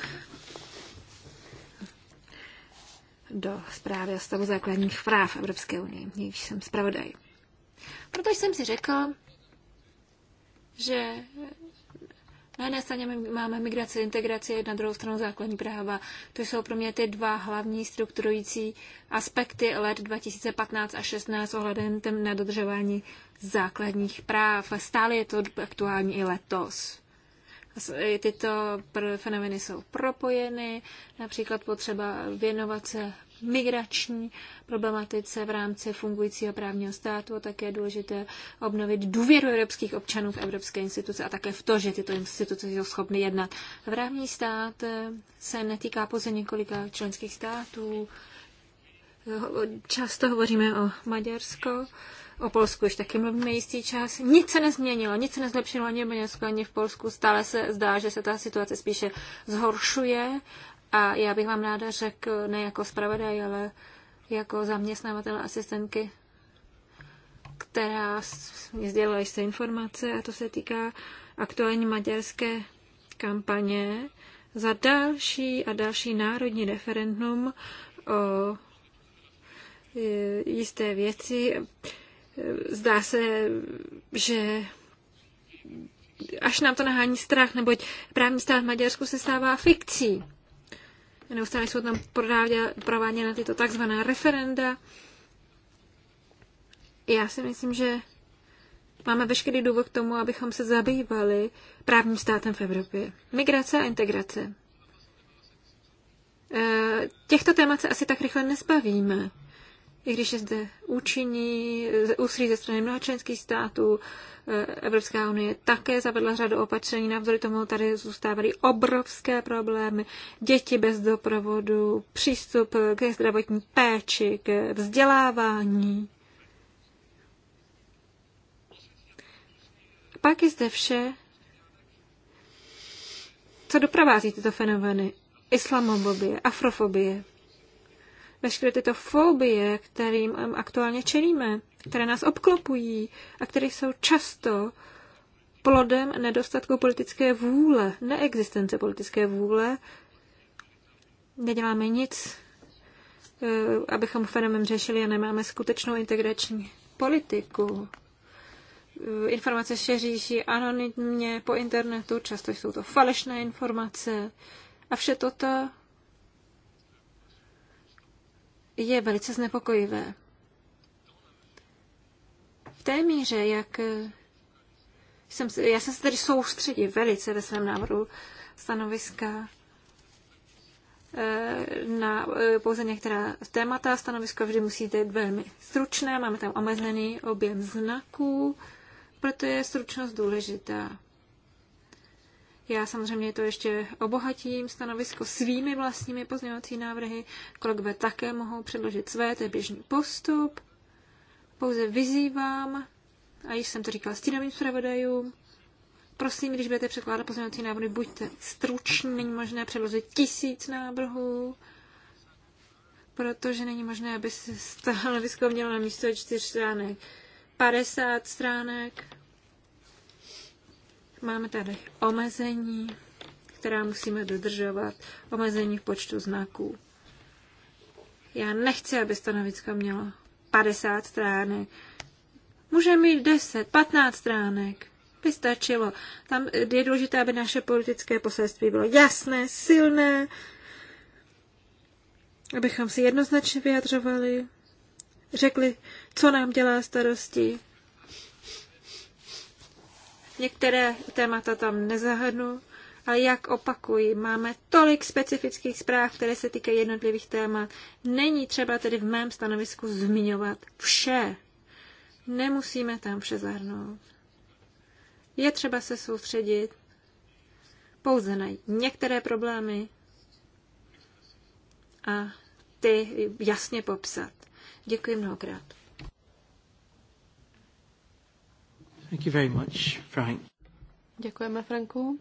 do zprávy o stavu základních práv Evropské unie, jejíž jsem zpravodaj. Protože jsem si řekl, že na jedné straně máme migraci, integraci, na druhou stranu základní práva. To jsou pro mě ty dva hlavní strukturující aspekty let 2015 a 16 ohledem na dodržování základních práv. Stále je to aktuální i letos. Tyto fenomény jsou propojeny, například potřeba věnovat se migrační problematice v rámci fungujícího právního státu a také je důležité obnovit důvěru evropských občanů v evropské instituce a také v to, že tyto instituce jsou schopny jednat. Právní stát eh, se netýká pouze několika členských států. Často hovoříme o Maďarsko, O Polsku už taky mluvíme jistý čas. Nic se nezměnilo, nic se nezlepšilo ani v Německu, ani v Polsku. Stále se zdá, že se ta situace spíše zhoršuje. A já bych vám ráda řekl, ne jako zpravodaj, ale jako zaměstnavatel asistentky, která mě sdělila jisté informace a to se týká aktuální maďarské kampaně za další a další národní referendum o e, jisté věci. Zdá se, že až nám to nahání strach, neboť právní stát v Maďarsku se stává fikcí. Neustále jsou tam prováděna tyto takzvaná referenda. Já si myslím, že máme veškerý důvod k tomu, abychom se zabývali právním státem v Evropě. Migrace a integrace. E, těchto témat se asi tak rychle nespavíme i když je zde účinní úsilí ze strany mnoha členských států, eh, Evropská unie také zavedla řadu opatření, navzdory tomu tady zůstávaly obrovské problémy, děti bez doprovodu, přístup ke zdravotní péči, k vzdělávání. Pak je zde vše, co doprovází tyto fenomény. Islamofobie, afrofobie, veškeré tyto fobie, kterým aktuálně čelíme, které nás obklopují a které jsou často plodem nedostatku politické vůle, neexistence politické vůle. Neděláme nic, eh, abychom fenomen řešili a nemáme skutečnou integrační politiku. Eh, informace se si anonymně po internetu, často jsou to falešné informace a vše toto je velice znepokojivé. V té míře, jak eh, jsem, já jsem se tady soustředil velice ve svém návrhu stanoviska eh, na eh, pouze některá témata. Stanovisko vždy musíte být velmi stručné, máme tam omezený objem znaků, proto je stručnost důležitá. Já samozřejmě to ještě obohatím stanovisko svými vlastními pozměňovací návrhy. Kolegové také mohou předložit své, to je běžný postup. Pouze vyzývám, a již jsem to říkala stínovým zpravodajům, prosím, když budete překládat pozměňovací návrhy, buďte struční, není možné předložit tisíc návrhů, protože není možné, aby se stanovisko mělo na místo čtyř stránek 50 stránek. Máme tady omezení, která musíme dodržovat, omezení v počtu znaků. Já nechci, aby stanovisko mělo 50 stránek. Může mít 10, 15 stránek. By stačilo. Tam je důležité, aby naše politické poselství bylo jasné, silné, abychom si jednoznačně vyjadřovali, řekli, co nám dělá starosti, Některé témata tam nezahrnu, ale jak opakuji, máme tolik specifických zpráv, které se týkají jednotlivých témat. Není třeba tedy v mém stanovisku zmiňovat vše. Nemusíme tam vše zahrnout. Je třeba se soustředit pouze na některé problémy a ty jasně popsat. Děkuji mnohokrát. Thank you very much, Frank. Děkujeme, Franku.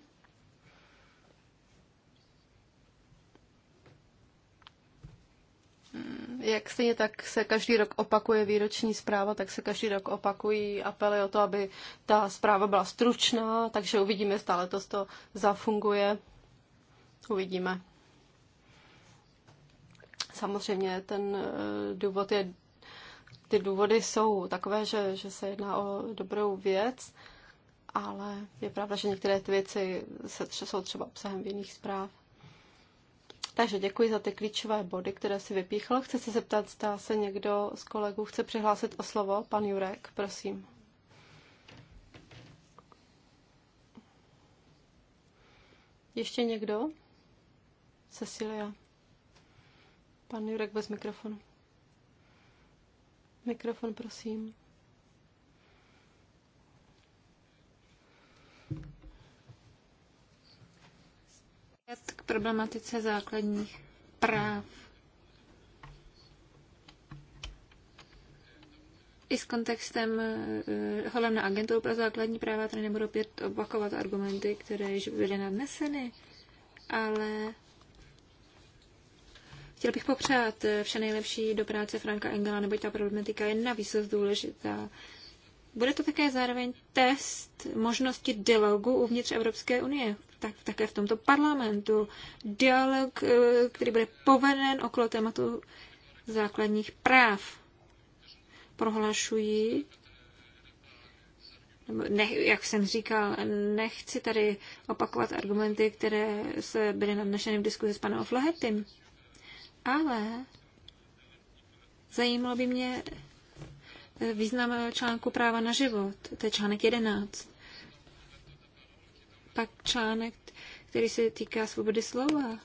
Hmm, jak stejně tak se každý rok opakuje výroční zpráva, tak se každý rok opakují apely o to, aby ta zpráva byla stručná, takže uvidíme, stále to zafunguje. Uvidíme. Samozřejmě ten eh, důvod je ty důvody jsou takové, že, že se jedná o dobrou věc, ale je pravda, že některé ty věci se, jsou třeba obsahem v jiných zpráv. Takže děkuji za ty klíčové body, které si vypíchl. Chci se zeptat, zda se někdo z kolegů chce přihlásit o slovo. Pan Jurek, prosím. Ještě někdo? Cecilia. Pan Jurek bez mikrofonu. Mikrofon, prosím. K problematice základních práv. I s kontextem eh, holem na agenturu pro základní práva tady nebudu opět opakovat argumenty, které již byly nadneseny, ale Chtěl bych popřát eh, vše nejlepší do práce Franka Engela, neboť ta problematika je navíc důležitá. Bude to také zároveň test možnosti dialogu uvnitř Evropské unie, tak, také v tomto parlamentu. Dialog, eh, který bude poveden okolo tématu základních práv. Prohlašuji, ne, jak jsem říkal, nechci tady opakovat argumenty, které se byly nadnešeny v diskuzi s panem Oflahetym. Ale zajímalo by mě eh, význam eh, článku práva na život, to je článek 11. Pak článek, který se týká svobody slova.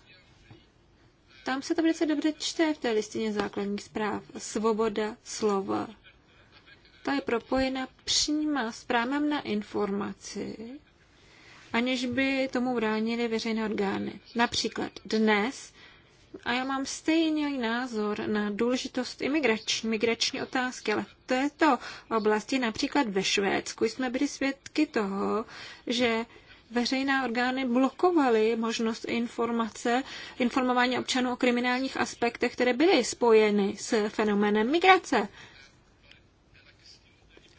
Tam se to velice dobře čte v té listině základních zpráv. Svoboda slova. Ta je propojena přímo s právem na informaci, aniž by tomu bránili veřejné orgány. Například dnes a já mám stejný názor na důležitost imigrační, migrační otázky, ale v této oblasti, například ve Švédsku, jsme byli svědky toho, že veřejné orgány blokovaly možnost informace, informování občanů o kriminálních aspektech, které byly spojeny s fenoménem migrace.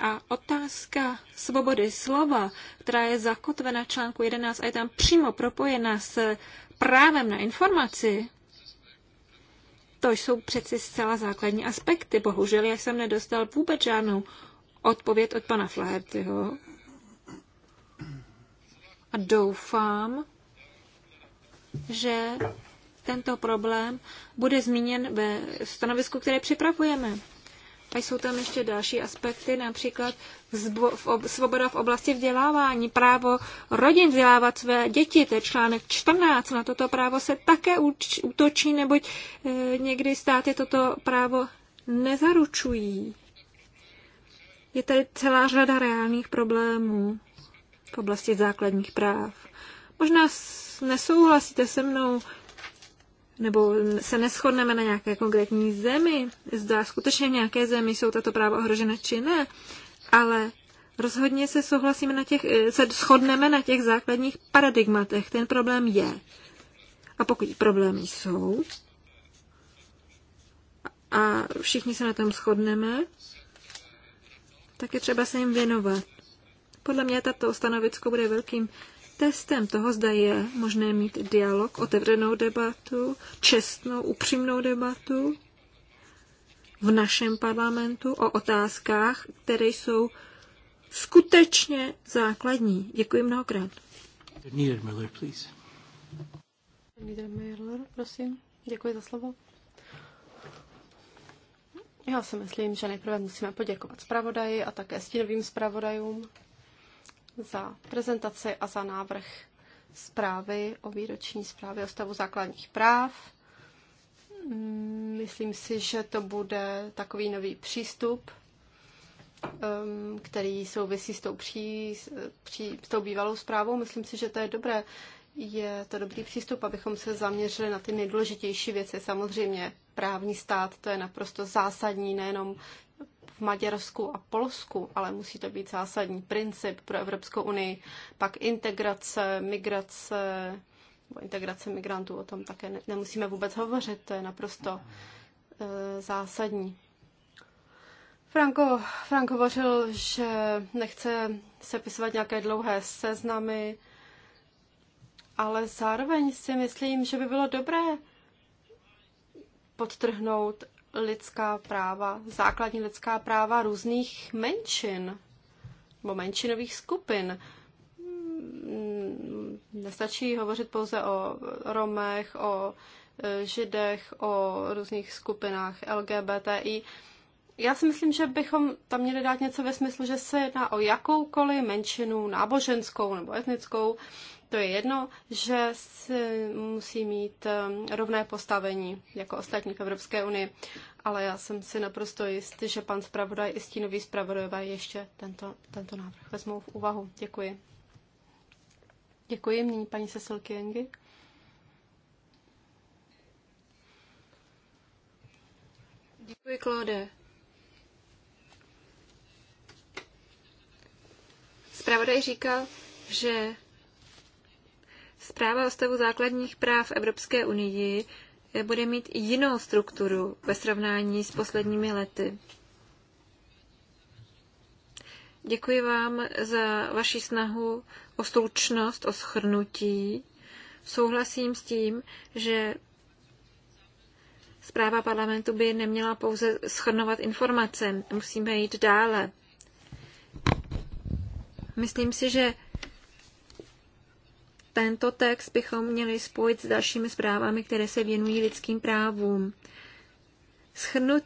A otázka svobody slova, která je zakotvena článku 11 a je tam přímo propojena s právem na informaci, to jsou přeci zcela základní aspekty. Bohužel já jsem nedostal vůbec žádnou odpověď od pana Flahertyho. A doufám, že tento problém bude zmíněn ve stanovisku, které připravujeme. A jsou tam ještě další aspekty, například svoboda v oblasti vzdělávání, právo rodin vzdělávat své děti, to je článek 14, na toto právo se také útočí, neboť e, někdy státy toto právo nezaručují. Je tady celá řada reálných problémů v oblasti základních práv. Možná nesouhlasíte se mnou, nebo se neschodneme na nějaké konkrétní zemi, zda skutečně v nějaké zemi jsou tato práva ohrožena či ne, ale rozhodně se souhlasíme na těch, eh, se shodneme na těch základních paradigmatech. Ten problém je. A pokud problémy jsou, a všichni se na tom shodneme, tak je třeba se jim věnovat. Podle mě tato stanovisko bude velkým testem toho, zda je možné mít dialog, otevřenou debatu, čestnou, upřímnou debatu v našem parlamentu o otázkách, které jsou skutečně základní. Děkuji mnohokrát. Niedermüller, please. prosím. Děkuji za slovo. Já si myslím, že nejprve musíme poděkovat zpravodaji a také stínovým zpravodajům za prezentaci a za návrh zprávy o výroční zprávě o stavu základních práv. Myslím si, že to bude takový nový přístup, um, který souvisí s tou, pří, pří, s tou bývalou zprávou. Myslím si, že to je dobré. Je to dobrý přístup, abychom se zaměřili na ty nejdůležitější věci. Samozřejmě právní stát, to je naprosto zásadní, nejenom Maďarsku a Polsku, ale musí to být zásadní princip pro Evropskou unii. Pak integrace, migrace, nebo integrace migrantů, o tom také ne, nemusíme vůbec hovořit, to je naprosto e, zásadní. Franko, Frank hovořil, že nechce sepisovat nějaké dlouhé seznamy, ale zároveň si myslím, že by bylo dobré podtrhnout, lidská práva, základní lidská práva různých menšin nebo menšinových skupin. Mm, nestačí hovořit pouze o Romech, o e, Židech, o různých skupinách LGBTI. Já si myslím, že bychom tam měli dát něco ve smyslu, že se jedná o jakoukoliv menšinu náboženskou nebo etnickou, to je jedno, že si musí mít um, rovné postavení jako ostatní v Evropské unii. Ale já jsem si naprosto jist, že pan zpravodaj i stínový zpravodajové ještě tento, tento návrh vezmou v úvahu. Děkuji. Děkuji. Mění paní Sesilky Jengy. Děkuji, Klode. Zpravodaj říkal, že Zpráva o stavu základních práv Evropské unii bude mít jinou strukturu ve srovnání s posledními lety. Děkuji vám za vaši snahu o stručnost, o schrnutí. Souhlasím s tím, že zpráva parlamentu by neměla pouze schrnovat informace. Musíme jít dále. Myslím si, že tento text bychom měli spojit s dalšími zprávami, které se věnují lidským právům. Schrnut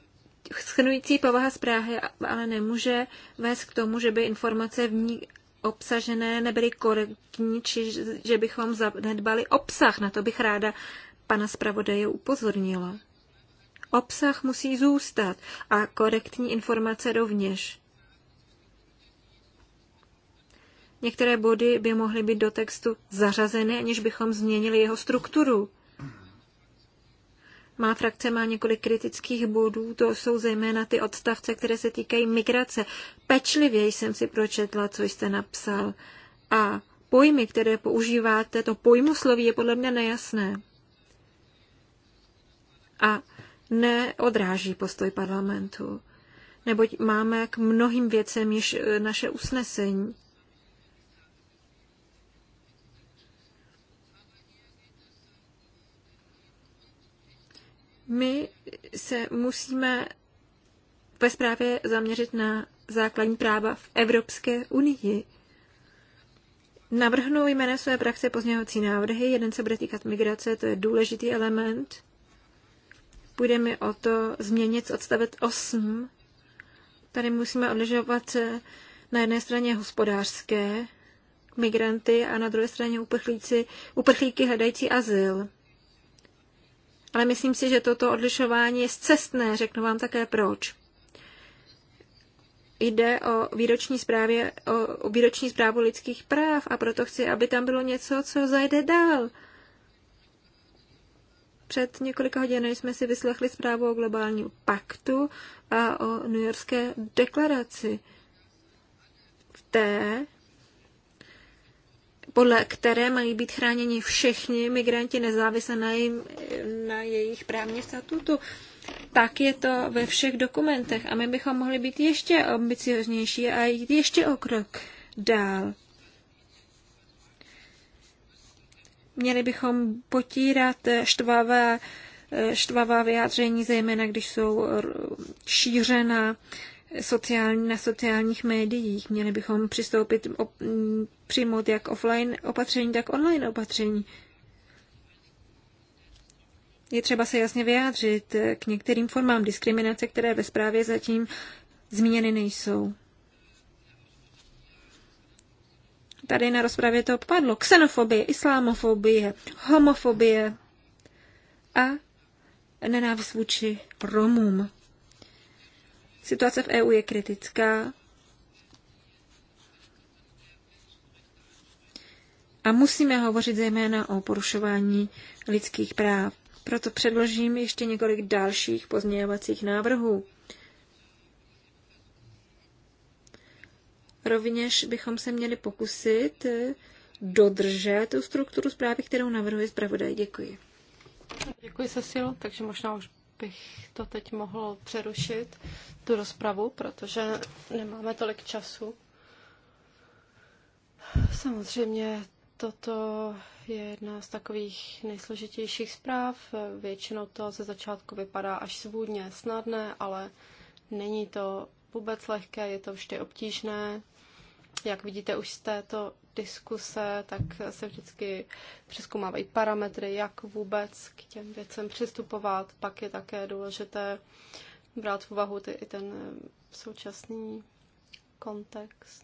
Schrnující povaha zprávy ale nemůže vést k tomu, že by informace v ní obsažené nebyly korektní, či že bychom zanedbali obsah. Na to bych ráda pana zpravodaje upozornila. Obsah musí zůstat a korektní informace rovněž. Některé body by mohly být do textu zařazeny, aniž bychom změnili jeho strukturu. Má frakce má několik kritických bodů, to jsou zejména ty odstavce, které se týkají migrace. Pečlivě jsem si pročetla, co jste napsal. A pojmy, které používáte, to pojmosloví je podle mě nejasné. A neodráží postoj parlamentu, neboť máme k mnohým věcem již e, naše usnesení. My se musíme ve zprávě zaměřit na základní práva v Evropské unii. Navrhnu jménem své praxe pozměňovací návrhy. Jeden se bude týkat migrace, to je důležitý element. Půjde mi o to změnit odstavec 8. Tady musíme odlišovat na jedné straně hospodářské migranty a na druhé straně uprchlíci, uprchlíky hledající azyl ale myslím si, že toto odlišování je cestné. řeknu vám také proč. Jde o výroční, zprávě, o, o výroční zprávu lidských práv a proto chci, aby tam bylo něco, co zajde dál. Před několika hodinami jsme si vyslechli zprávu o globálním paktu a o New Yorkské deklaraci. V té podle které mají být chráněni všichni migranti nezávisle na, jim, na jejich právním statutu. Tak je to ve všech dokumentech a my bychom mohli být ještě ambicioznější a jít ještě o krok dál. Měli bychom potírat štvavé, štvavá vyjádření, zejména když jsou šířena sociální, na sociálních médiích. Měli bychom přistoupit, op, mm, přijmout jak offline opatření, tak online opatření. Je třeba se jasně vyjádřit k některým formám diskriminace, které ve zprávě zatím zmíněny nejsou. Tady na rozpravě to padlo. Xenofobie, islámofobie, homofobie a nenávist vůči Romům. Situace v EU je kritická a musíme hovořit zejména o porušování lidských práv. Proto předložím ještě několik dalších pozměňovacích návrhů. Rovněž bychom se měli pokusit dodržet tu strukturu zprávy, kterou navrhuje zpravodaj. Děkuji. Děkuji, Cecil. Takže možná už bych to teď mohl přerušit, tu rozpravu, protože nemáme tolik času. Samozřejmě toto je jedna z takových nejsložitějších zpráv. Většinou to ze začátku vypadá až svůdně snadné, ale není to vůbec lehké, je to vždy obtížné. Jak vidíte už z této diskuse, tak se vždycky přeskoumávají parametry, jak vůbec k těm věcem přistupovat. Pak je také důležité brát v úvahu ty, i ten eh, současný kontext.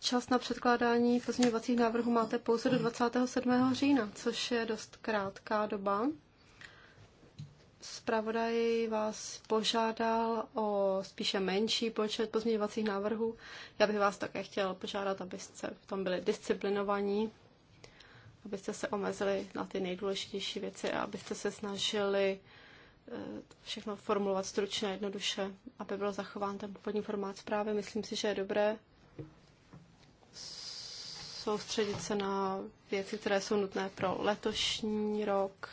Čas na předkládání pozměňovacích návrhů máte pouze do 27. října, což je dost krátká doba zpravodaj vás požádal o spíše menší počet pozměňovacích návrhů. Já bych vás také chtěl požádat, abyste v tom byli disciplinovaní, abyste se omezili na ty nejdůležitější věci a abyste se snažili eh, všechno formulovat stručně, jednoduše, aby byl zachován ten původní formát zprávy. Myslím si, že je dobré soustředit se na věci, které jsou nutné pro letošní rok,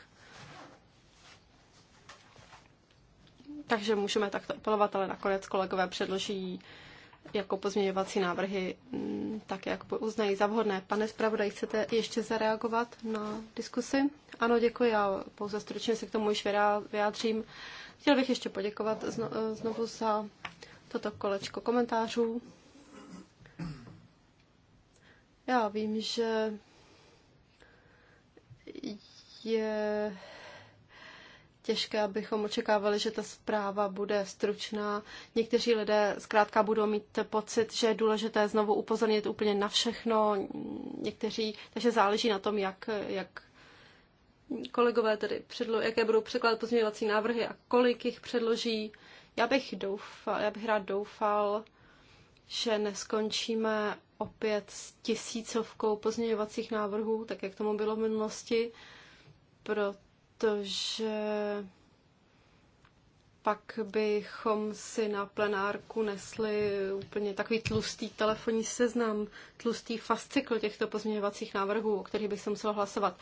Takže můžeme takto apelovat, ale nakonec kolegové předloží jako pozměňovací návrhy, mm, tak jak uznají za vhodné. Pane zpravodaj, chcete ještě zareagovat na diskusi? Ano, děkuji, já pouze stručně se k tomu už vyjádřím. Chtěl bych ještě poděkovat eh, znovu za toto kolečko komentářů. Já vím, že je těžké, abychom očekávali, že ta zpráva bude stručná. Někteří lidé zkrátka budou mít pocit, že je důležité znovu upozornit úplně na všechno. Někteří, takže záleží na tom, jak, jak kolegové tedy předlo, jaké budou překládat pozměňovací návrhy a kolik jich předloží. Já bych doufal, já bych rád doufal, že neskončíme opět s tisícovkou pozměňovacích návrhů, tak jak tomu bylo v minulosti, proto protože pak bychom si na plenárku nesli úplně takový tlustý telefonní seznam, tlustý fascikl těchto pozměňovacích návrhů, o kterých bych se musela hlasovat.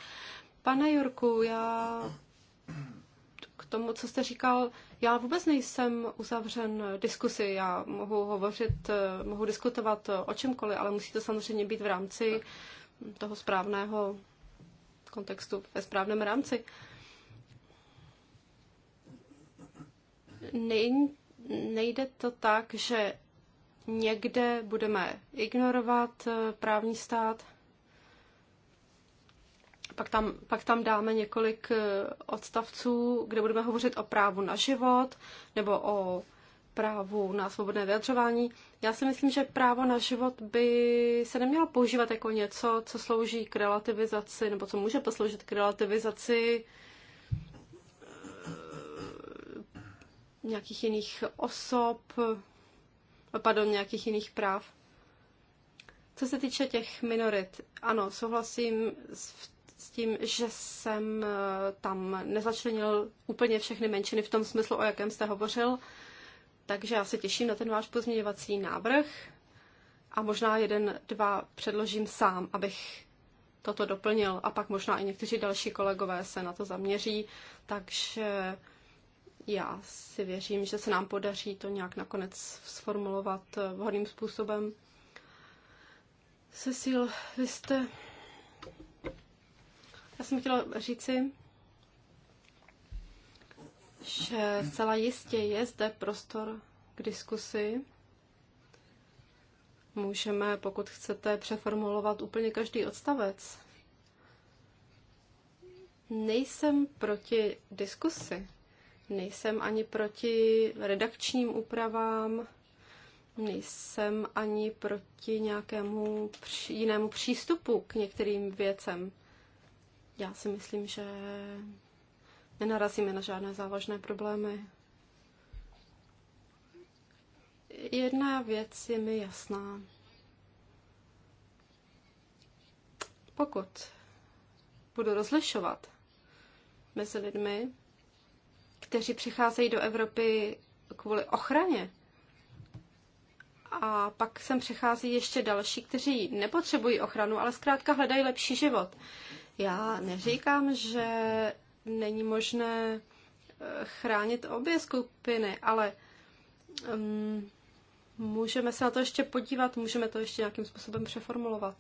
Pane Jurku, já k tomu, co jste říkal, já vůbec nejsem uzavřen diskusi. Já mohu hovořit, mohu diskutovat o čemkoliv, ale musí to samozřejmě být v rámci toho správného kontextu, ve správném rámci. nejde to tak, že někde budeme ignorovat eh, právní stát, pak tam, pak tam dáme několik eh, odstavců, kde budeme hovořit o právu na život nebo o právu na svobodné vyjadřování. Já si myslím, že právo na život by se nemělo používat jako něco, co slouží k relativizaci, nebo co může posloužit k relativizaci nějakých jiných osob, pardon, nějakých jiných práv. Co se týče těch minorit, ano, souhlasím s, s tím, že jsem eh, tam nezačlenil úplně všechny menšiny v tom smyslu, o jakém jste hovořil, takže já se těším na ten váš pozměňovací návrh a možná jeden, dva předložím sám, abych toto doplnil a pak možná i někteří další kolegové se na to zaměří, takže já si věřím, že se nám podaří to nějak nakonec sformulovat eh, vhodným způsobem. Cecil, vy jste... Já jsem chtěla říci, že celá jistě je zde prostor k diskusi. Můžeme, pokud chcete, přeformulovat úplně každý odstavec. Nejsem proti diskusi. Nejsem ani proti redakčním úpravám, nejsem ani proti nějakému jinému přístupu k některým věcem. Já si myslím, že nenarazíme na žádné závažné problémy. Jedna věc je mi jasná. Pokud budu rozlišovat mezi lidmi, kteří přicházejí do Evropy kvůli ochraně. A pak sem přichází ještě další, kteří nepotřebují ochranu, ale zkrátka hledají lepší život. Já neříkám, že není možné eh, chránit obě skupiny, ale um, můžeme se na to ještě podívat, můžeme to ještě nějakým způsobem přeformulovat,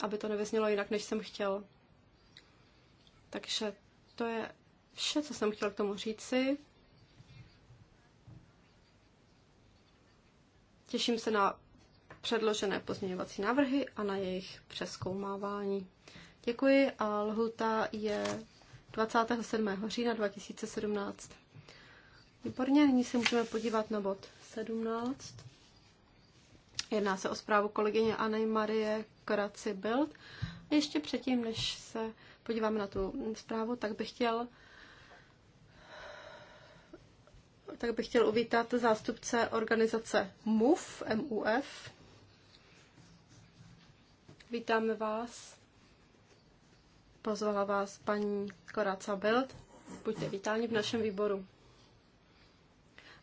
aby to nevyznělo jinak, než jsem chtěl. Takže to je vše, co jsem chtěl k tomu říci. Těším se na předložené pozměňovací návrhy a na jejich přeskoumávání. Děkuji a lhuta je 27. října 2017. Výborně, nyní se můžeme podívat na bod 17. Jedná se o zprávu kolegyně Anny Marie Kraci Bild. Ještě předtím, než se podíváme na tu zprávu, tak bych chtěl tak bych chtěl uvítat zástupce organizace MUF, MUF. Vítáme vás. Pozvala vás paní Koráca Bild. Buďte vítáni v našem výboru.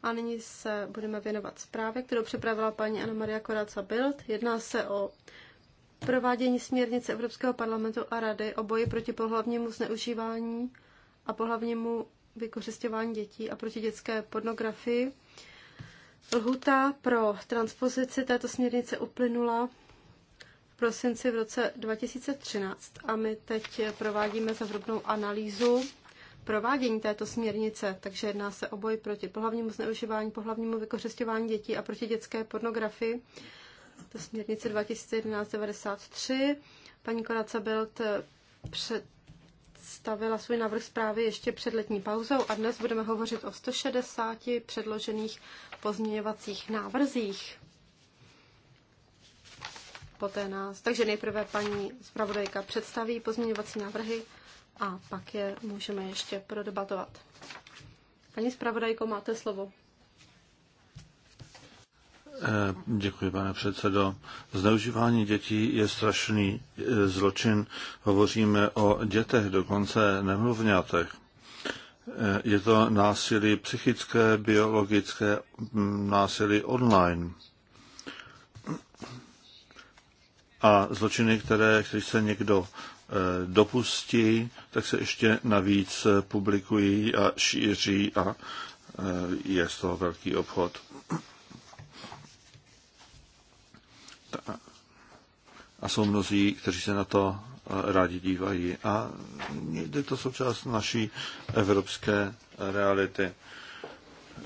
A nyní se budeme věnovat zprávě, kterou připravila paní Anna Maria Koráca Bild. Jedná se o provádění směrnice Evropského parlamentu a Rady o boji proti pohlavnímu zneužívání a pohlavnímu vykořišťování dětí a proti dětské pornografii. Lhuta pro transpozici této směrnice uplynula v prosinci v roce 2013 a my teď provádíme zevrubnou analýzu provádění této směrnice, takže jedná se o boj proti pohlavnímu zneužívání, pohlavnímu vykořišťování dětí a proti dětské pornografii. To směrnice 2011-93. Paní Koraca Belt před představila svůj návrh zprávy ještě před letní pauzou a dnes budeme hovořit o 160 předložených pozměňovacích návrzích. Poté nás. Takže nejprve paní zpravodajka představí pozměňovací návrhy a pak je můžeme ještě prodebatovat. Paní zpravodajko, máte slovo. Eh, děkuji, pane předsedo. Zneužívání dětí je strašný eh, zločin. Hovoříme o dětech, dokonce nemluvňatech. Eh, je to násilí psychické, biologické, mm, násilí online. A zločiny, které, když se někdo dopustí, tak se ještě navíc publikují a šíří a je z toho velký obchod a jsou mnozí, kteří se na to eh, rádi dívají. A je to součást naší evropské eh, reality.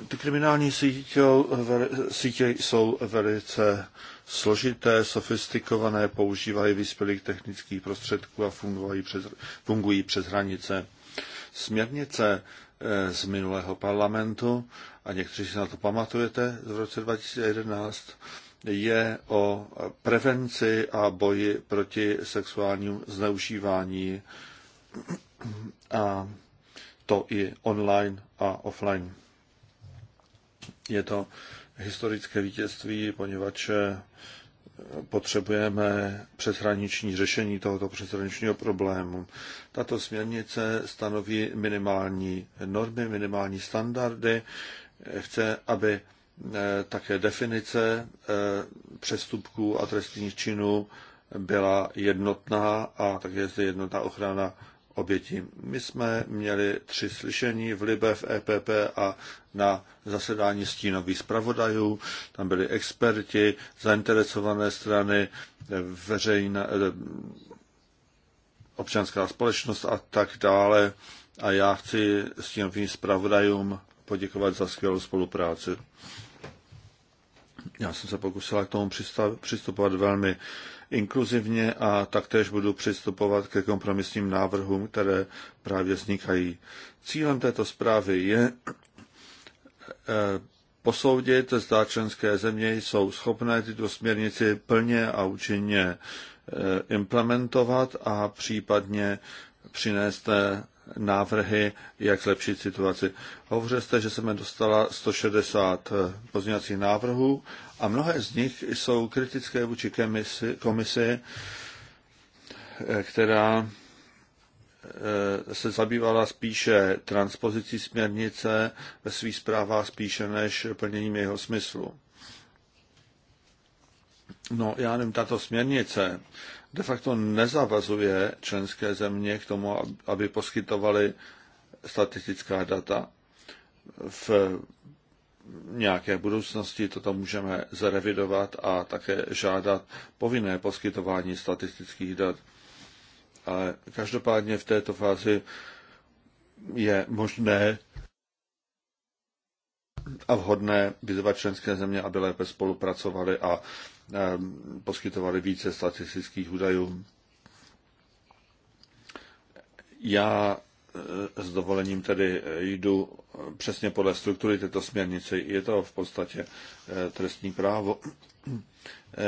Ty kriminální eh, sítě jsou velice složité, sofistikované, používají vyspělých technických prostředků a fungují přes, fungují přes hranice. Směrnice z minulého parlamentu, a někteří si na to pamatujete, z roce 2011, je o prevenci a boji proti sexuálnímu zneužívání a to i online a offline. Je to historické vítězství, poněvadž eh, potřebujeme přeshraniční řešení tohoto přeshraničního problému. Tato směrnice stanoví minimální normy, minimální standardy, chce, aby Eh, také definice eh, přestupků a trestných činů byla jednotná a také zde jednotná ochrana obětí. My jsme měli tři slyšení v Libe, v EPP a na zasedání stínových zpravodajů. Tam byli experti, zainteresované strany, veřejná, eh, občanská společnost a tak dále. A já chci stínovým zpravodajům poděkovat za skvělou spolupráci. Já jsem se pokusila k tomu přistupovat velmi inkluzivně a taktéž budu přistupovat ke kompromisním návrhům, které právě vznikají. Cílem této zprávy je eh, posoudit, zda členské země jsou schopné tyto směrnici plně a účinně eh, implementovat a případně přinést eh, návrhy, jak zlepšit situaci. Hovořil jste, že jsem dostala 160 pozměňovacích návrhů a mnohé z nich jsou kritické vůči komisi, eh, která eh, se zabývala spíše transpozicí směrnice ve svých zprávách spíše než plněním jeho smyslu. No, já nevím, tato směrnice de facto nezavazuje členské země k tomu, aby poskytovali statistická data. V nějaké budoucnosti toto můžeme zrevidovat a také žádat povinné poskytování statistických dat. Ale každopádně v této fázi je možné a vhodné vyzvat členské země, aby lépe spolupracovali a poskytovali více statistických údajů. Já Eh, s dovolením tedy eh, jdu eh, přesně podle struktury této směrnice. Je to v podstatě trestní právo.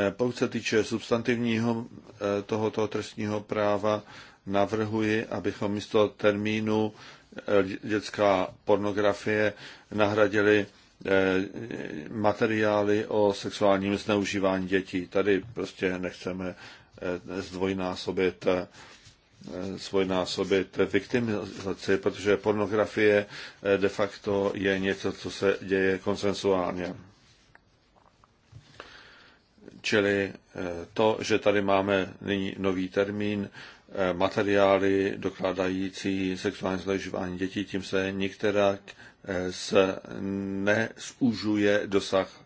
Pokud se týče substantivního tohoto trestního práva, navrhuji, abychom místo termínu dětská pornografie nahradili materiály o sexuálním zneužívání dětí. Tady prostě nechceme zdvojnásobit Eh, svojnásobit viktimizaci, protože pornografie eh, de facto je něco, co se děje konsensuálně. Čili eh, to, že tady máme nyní nový termín, materiály dokládající sexuální zneužívání dětí, tím se některak se nezúžuje dosah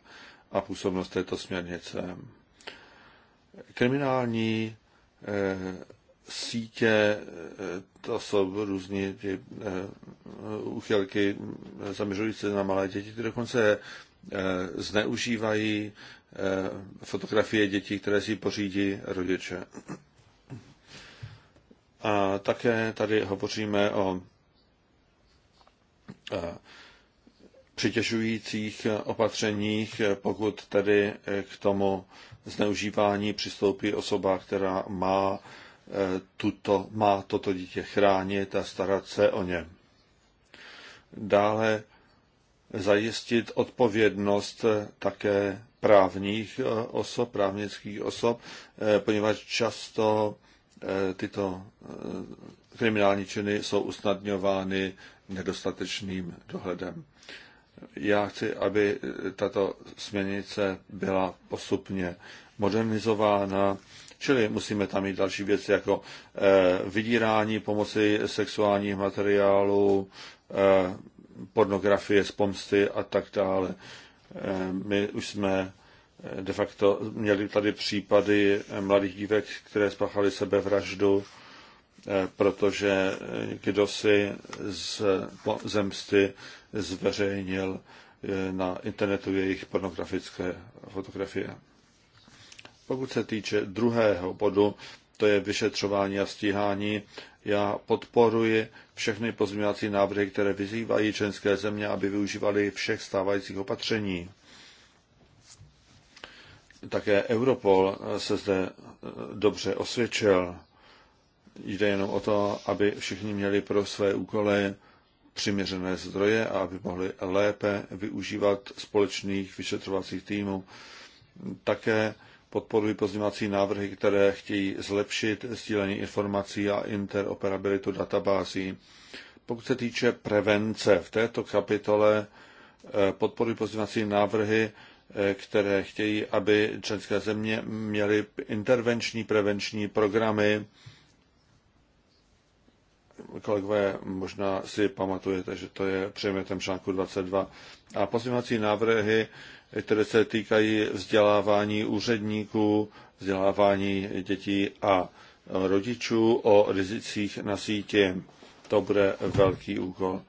a působnost této směrnice. Kriminální sítě, eh, to jsou různé ty eh, uchylky zaměřující na malé děti, které dokonce eh, zneužívají fotografie dětí, které si pořídí rodiče. A také tady hovoříme o přitěžujících opatřeních, pokud tedy k tomu zneužívání přistoupí osoba, která má tuto, má toto dítě chránit a starat se o ně. Dále zajistit odpovědnost také právních eh, osob, právnických osob, eh, poněvadž často eh, tyto kriminální činy jsou usnadňovány nedostatečným dohledem. Já chci, aby tato směrnice byla postupně modernizována Čili musíme tam mít další věci jako eh, vydírání pomocí sexuálních materiálů, eh, pornografie z pomsty a tak dále. Eh, my už jsme de facto měli tady případy mladých dívek, které spáchaly sebevraždu, protože kdo si z zemsty zveřejnil na internetu jejich pornografické fotografie. Pokud se týče druhého bodu, to je vyšetřování a stíhání, já podporuji všechny pozměňovací návrhy, které vyzývají členské země, aby využívali všech stávajících opatření. Také Europol se zde e, dobře osvědčil. Jde jenom o to, aby všichni měli pro své úkoly přiměřené zdroje a aby mohli lépe využívat společných vyšetřovacích týmů. Také podporuji pozměňovací návrhy, které chtějí zlepšit sdílení informací a interoperabilitu databází. Pokud se týče prevence, v této kapitole eh, podporuji pozměňovací návrhy, eh, které chtějí, aby členské země měly intervenční prevenční programy. Kolegové, možná si pamatujete, že to je předmětem článku 22. A pozměňovací návrhy které se týkají vzdělávání úředníků, vzdělávání dětí a rodičů o rizicích na sítě. To bude velký úkol.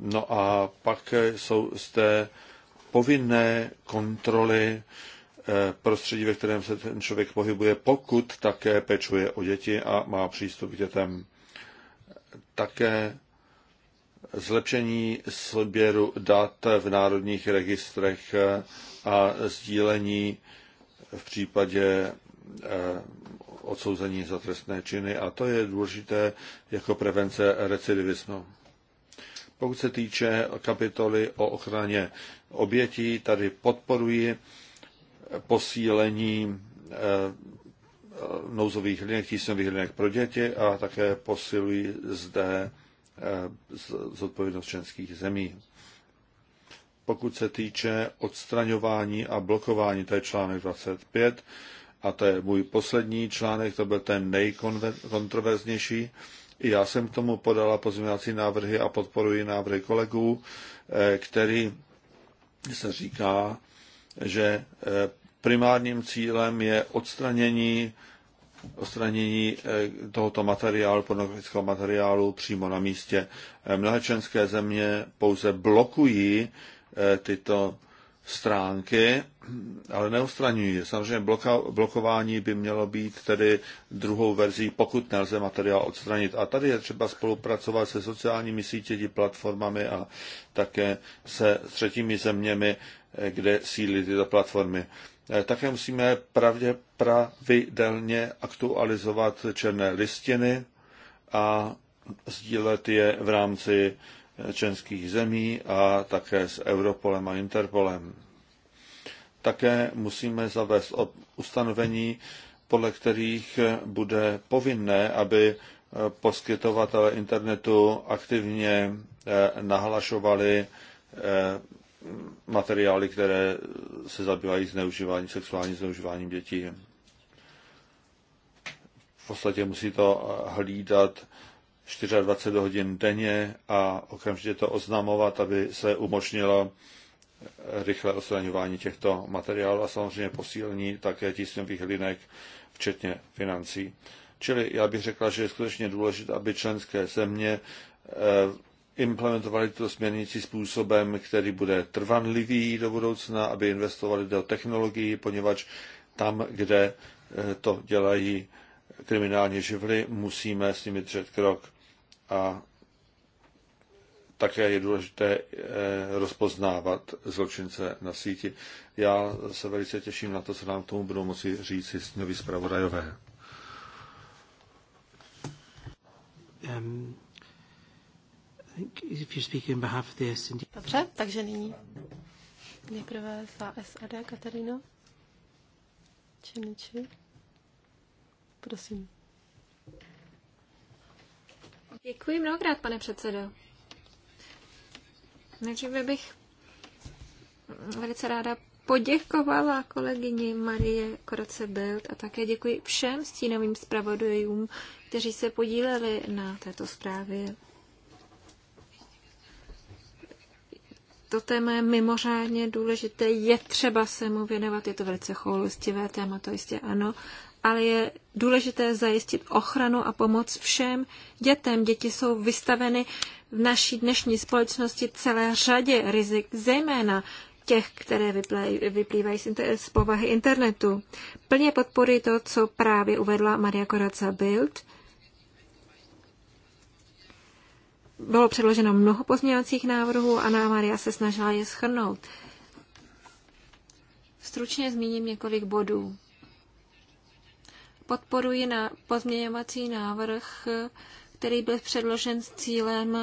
No a pak jsou zde povinné kontroly eh, prostředí, ve kterém se ten člověk pohybuje, pokud také pečuje o děti a má přístup k dětem. Také zlepšení sběru dat v národních registrech a sdílení v případě eh, odsouzení za trestné činy a to je důležité jako prevence recidivismu. Pokud se týče kapitoly o ochraně obětí, tady podporuji posílení eh, nouzových linek, tísňových linek pro děti a také posilují zde Eh, zodpovědnost členských zemí. Pokud se týče odstraňování a blokování, to je článek 25, a to je můj poslední článek, to byl ten nejkontroverznější. I já jsem k tomu podala pozměňovací návrhy a podporuji návrhy kolegů, eh, který se říká, že eh, primárním cílem je odstranění odstranění eh, tohoto materiálu, pornografického materiálu přímo na místě. Eh, mnohé členské země pouze blokují eh, tyto stránky, ale neustraňují. Samozřejmě bloka, blokování by mělo být tedy druhou verzí, pokud nelze materiál odstranit. A tady je třeba spolupracovat se sociálními sítěmi, platformami a také se třetími zeměmi, kde sílí tyto platformy. Eh, také musíme pravdě, pravidelně aktualizovat černé listiny a sdílet je v rámci eh, členských zemí a také s Europolem a Interpolem. Také musíme zavést ustanovení, podle kterých eh, bude povinné, aby poskytovatele internetu aktivně nahlašovali materiály, které se zabývají zneužíváním, sexuálním zneužíváním dětí. V podstatě musí to hlídat 24 hodin denně a okamžitě to oznamovat, aby se umožnilo rychlé odstraňování těchto materiálů a samozřejmě posílení také tísňových linek, včetně financí. Čili já bych řekla, že je skutečně důležité, aby členské země eh, implementovali tuto směrnici způsobem, který bude trvanlivý do budoucna, aby investovali do technologií, poněvadž tam, kde eh, to dělají kriminální živly, musíme s nimi držet krok. A také je důležité eh, rozpoznávat zločince na síti. Já se velice těším na to, co nám k tomu budou moci říct noví zpravodajové. Um, Dobře, takže nyní nejprve za SAD Katarino Čeniči. Prosím. Děkuji mnohokrát, pane předsedo. Nejdříve bych velice ráda poděkovala kolegyni Marie Koroce Belt a také děkuji všem stínovým zpravodajům, kteří se podíleli na této zprávě. to téma je mimořádně důležité, je třeba se mu věnovat, je to velice choulostivé téma, to jistě ano, ale je důležité zajistit ochranu a pomoc všem dětem. Děti jsou vystaveny v naší dnešní společnosti celé řadě rizik, zejména těch, které vyplývají z povahy internetu. Plně podporuji to, co právě uvedla Maria Koraca Bild – bylo předloženo mnoho pozměňovacích návrhů a na Maria se snažila je schrnout. Stručně zmíním několik bodů. Podporuji na pozměňovací návrh, který byl předložen s cílem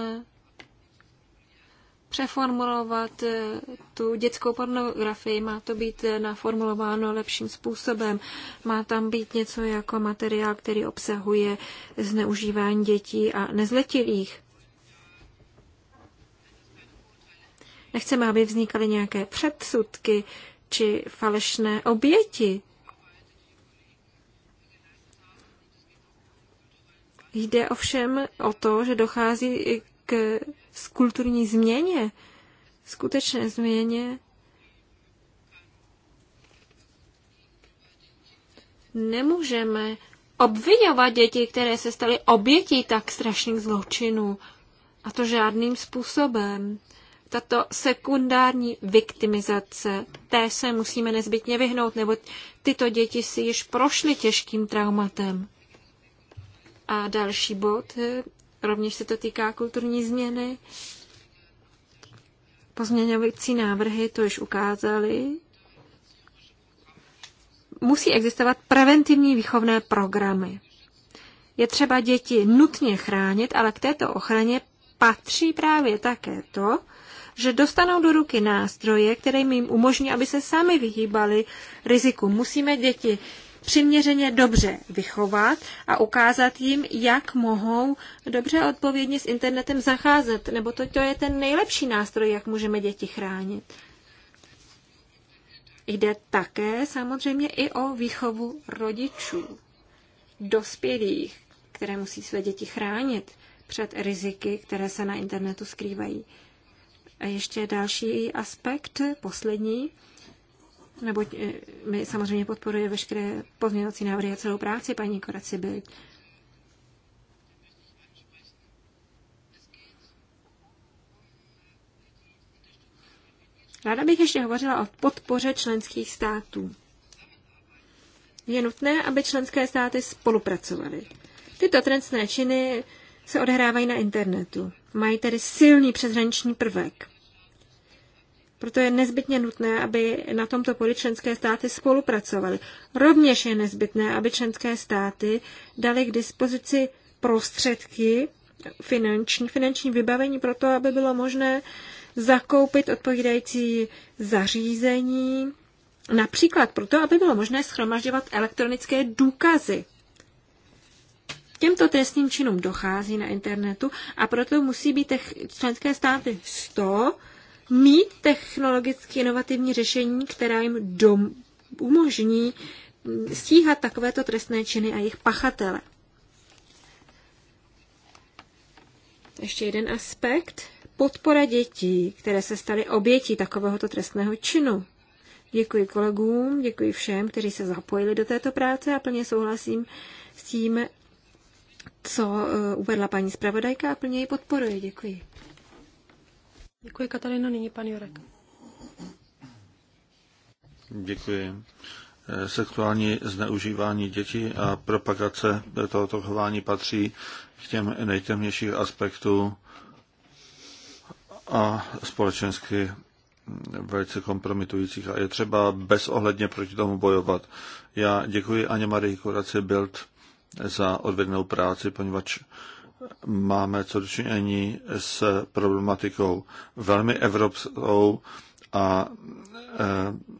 přeformulovat eh, tu dětskou pornografii. Má to být eh, naformulováno lepším způsobem. Má tam být něco jako materiál, který obsahuje zneužívání dětí a nezletilých. Nechceme, aby vznikaly nějaké předsudky či falešné oběti. Jde ovšem o to, že dochází i k kulturní změně, skutečné změně. Nemůžeme obvinovat děti, které se staly obětí tak strašných zločinů. A to žádným způsobem tato sekundární viktimizace, té se musíme nezbytně vyhnout, nebo tyto děti si již prošly těžkým traumatem. A další bod, eh, rovněž se to týká kulturní změny. Pozměňovací návrhy to již ukázali. Musí existovat preventivní výchovné programy. Je třeba děti nutně chránit, ale k této ochraně patří právě také to, že dostanou do ruky nástroje, které jim umožní, aby se sami vyhýbali riziku. Musíme děti přiměřeně dobře vychovat a ukázat jim, jak mohou dobře odpovědně s internetem zacházet, nebo to, to je ten nejlepší nástroj, jak můžeme děti chránit. Jde také samozřejmě i o výchovu rodičů, dospělých, které musí své děti chránit před riziky, které se na internetu skrývají. A ještě další aspekt, poslední, neboť eh, my samozřejmě podporuje veškeré pozměňovací návrhy a celou práci paní Koraci by. Ráda bych ještě hovořila o podpoře členských států. Je nutné, aby členské státy spolupracovaly. Tyto trestné činy se odehrávají na internetu. Mají tedy silný přeshraniční prvek. Proto je nezbytně nutné, aby na tomto poli členské státy spolupracovaly. Rovněž je nezbytné, aby členské státy dali k dispozici prostředky finanční, finanční vybavení pro to, aby bylo možné zakoupit odpovídající zařízení, například proto, aby bylo možné schromažďovat elektronické důkazy těmto trestním činům dochází na internetu a proto musí být členské státy 100 mít technologicky inovativní řešení, která jim dom- umožní mm, stíhat takovéto trestné činy a jejich pachatele. Ještě jeden aspekt. Podpora dětí, které se staly obětí takovéhoto trestného činu. Děkuji kolegům, děkuji všem, kteří se zapojili do této práce a plně souhlasím s tím, co eh, uvedla paní zpravodajka a plně ji podporuji. Děkuji. Děkuji, Katarina. Nyní pan Jurek. Děkuji. Eh, sexuální zneužívání dětí a propagace tohoto chování patří k těm nejtemnějších aspektů a společensky velice kompromitujících a je třeba bezohledně proti tomu bojovat. Já děkuji Aně Marii Kuraci Bild za odvedenou práci, poněvadž máme co dočinění s problematikou velmi evropskou a eh,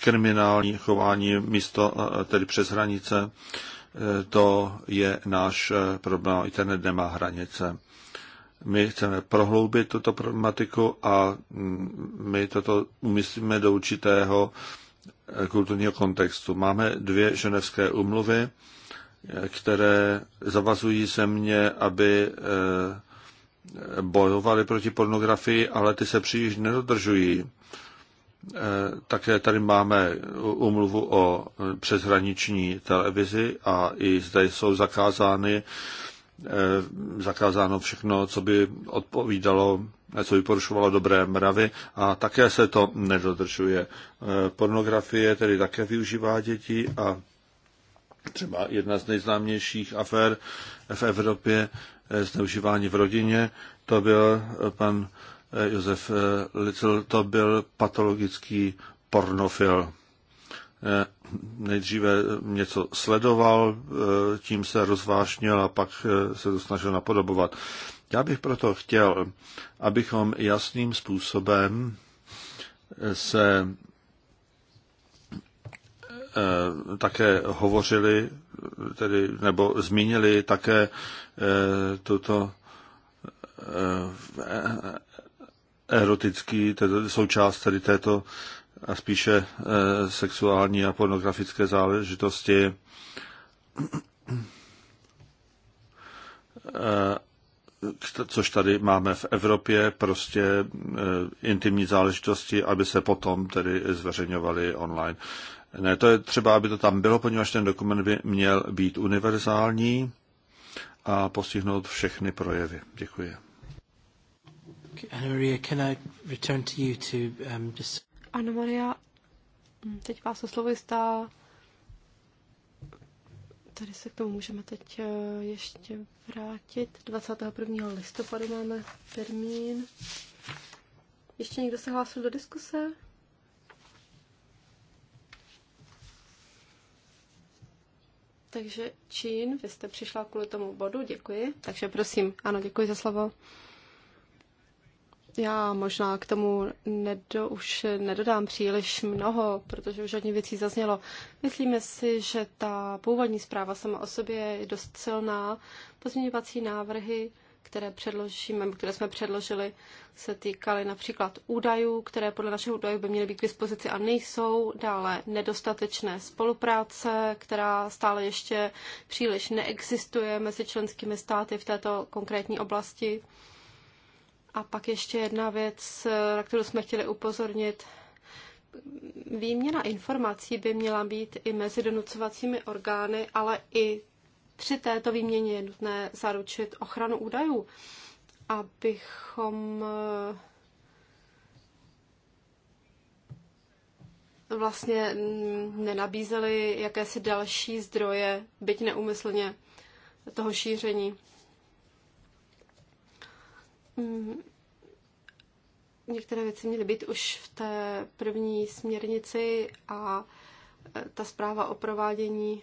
kriminální chování místo eh, tedy přes hranice, eh, to je náš problém. Internet nemá hranice. My chceme prohloubit tuto problematiku a mm, my toto umyslíme do určitého kulturního kontextu. Máme dvě ženevské umluvy, které zavazují země, aby eh, bojovali proti pornografii, ale ty se příliš nedodržují. Eh, také tady máme umluvu o přeshraniční televizi a i zde jsou zakázány Eh, zakázáno všechno, co by odpovídalo, co by porušovalo dobré mravy a také se to nedodržuje. Eh, pornografie tedy také využívá děti. a třeba jedna z nejznámějších afér v Evropě eh, zneužívání v rodině, to byl pan Josef Licl, to byl patologický pornofil. Eh, nejdříve něco sledoval, eh, tím se rozvášnil a pak eh, se to snažil napodobovat. Já bych proto chtěl, abychom jasným způsobem se také hovořili, tedy, nebo zmínili také tuto erotický, tedy součást tedy této a spíše eh, sexuální a pornografické záležitosti. Eh, což tady máme v Evropě, prostě eh, intimní záležitosti, aby se potom tedy zveřejňovaly online. Ne, to je třeba, aby to tam bylo, poněvadž ten dokument by měl být univerzální a postihnout všechny projevy. Děkuji. Maria, can I return to you to um, just... Ano, Maria, hm, teď vás oslovuje stá. Tady se k tomu můžeme teď eh, ještě vrátit. 21. listopadu máme termín. Ještě někdo se hlásil do diskuse? Takže Čín, vy jste přišla kvůli tomu bodu, děkuji. Takže prosím, ano, děkuji za slovo. Já možná k tomu nedo, už nedodám příliš mnoho, protože už hodně věcí zaznělo. Myslíme si, že ta původní zpráva sama o sobě je dost silná. Pozměňovací návrhy, které předložíme, které jsme předložili, se týkaly například údajů, které podle našeho údajů by měly být k dispozici a nejsou. Dále nedostatečné spolupráce, která stále ještě příliš neexistuje mezi členskými státy v této konkrétní oblasti. A pak ještě jedna věc, na kterou jsme chtěli upozornit. Výměna informací by měla být i mezi donucovacími orgány, ale i při této výměně je nutné zaručit ochranu údajů, abychom eh, vlastně mm, nenabízeli jakési další zdroje, byť neumyslně toho šíření. Mhm. některé věci měly být už v té první směrnici a e, ta zpráva o provádění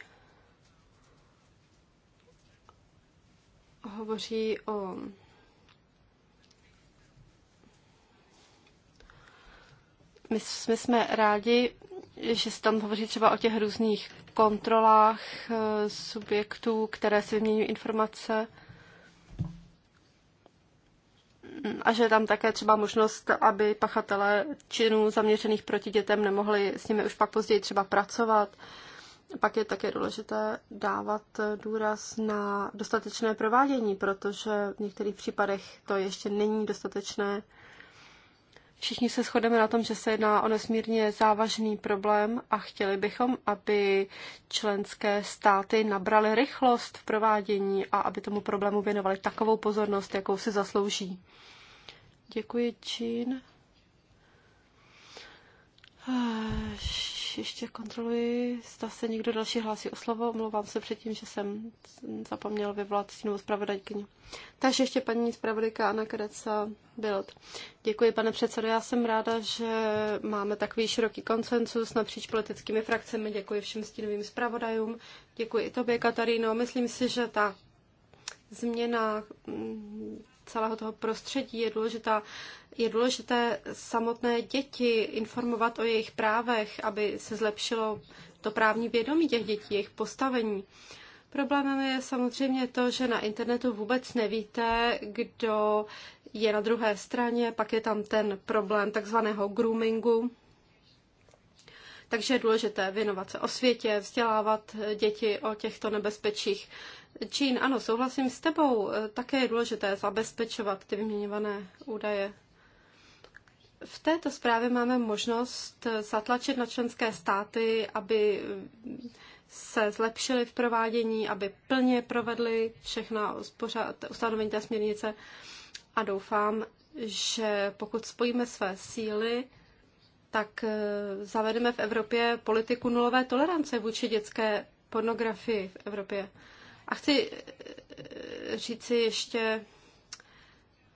hovoří o My, jsme rádi, že se tam hovoří třeba o těch různých kontrolách e, subjektů, které si vyměňují informace a že je tam také třeba možnost, aby pachatelé činů zaměřených proti dětem nemohli s nimi už pak později třeba pracovat. Pak je také důležité dávat důraz na dostatečné provádění, protože v některých případech to ještě není dostatečné Všichni se shodeme na tom, že se jedná o nesmírně závažný problém a chtěli bychom, aby členské státy nabraly rychlost v provádění a aby tomu problému věnovali takovou pozornost, jakou si zaslouží. Děkuji, Čín ještě kontroluji, zda se někdo další hlásí o slovo. Omlouvám se předtím, že jsem zapomněl vyvolat stínovou zpravodajkyni. Takže ještě paní zpravodajka Anna Kadeca Bild. Děkuji, pane předsedo. Já jsem ráda, že máme takový široký konsensus napříč politickými frakcemi. Děkuji všem stínovým zpravodajům. Děkuji i tobě, Kataríno. Myslím si, že ta změna mm, celého toho prostředí. Je, důležitá, je důležité samotné děti informovat o jejich právech, aby se zlepšilo to právní vědomí těch dětí, jejich postavení. Problémem je samozřejmě to, že na internetu vůbec nevíte, kdo je na druhé straně, pak je tam ten problém takzvaného groomingu. Takže je důležité věnovat se o světě, vzdělávat děti o těchto nebezpečích. Čín, ano, souhlasím s tebou. E, také je důležité zabezpečovat ty vyměňované údaje. V této zprávě máme možnost e, zatlačit na členské státy, aby e, se zlepšili v provádění, aby plně provedli všechna ustanovení té směrnice a doufám, že pokud spojíme své síly, tak zavedeme v Evropě politiku nulové tolerance vůči dětské pornografii v Evropě. A chci eh, říct si ještě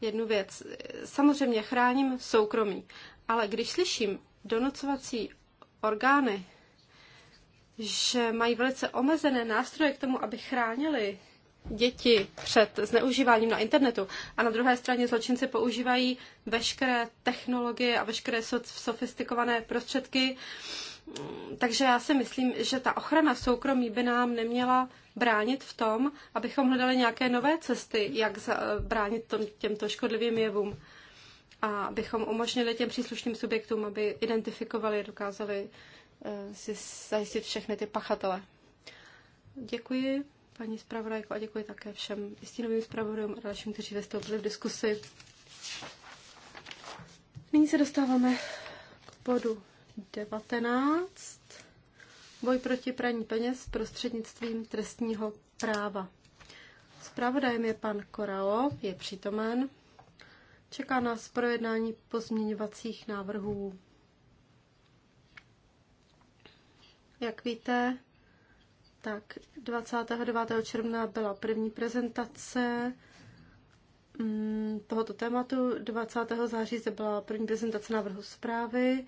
jednu věc. Samozřejmě chráním soukromí, ale když slyším donocovací orgány, že mají velice omezené nástroje k tomu, aby chránili děti před zneužíváním na internetu a na druhé straně zločinci používají veškeré technologie a veškeré sofistikované prostředky. Mm, takže já si myslím, že ta ochrana soukromí by nám neměla bránit v tom, abychom hledali nějaké nové cesty, jak eh, bránit těmto škodlivým jevům a abychom umožnili těm příslušným subjektům, aby identifikovali, dokázali eh, si zajistit všechny ty pachatele. Děkuji paní zpravodajko a děkuji také všem jistinovým zpravodům a dalším, kteří vystoupili v diskusi. Nyní se dostáváme k bodu 19 boj proti praní peněz prostřednictvím trestního práva. Spravodajem je pan Korao, je přítomen. Čeká nás projednání pozměňovacích návrhů. Jak víte, tak 29. června byla první prezentace mm, tohoto tématu. 20. září zde byla první prezentace návrhu zprávy.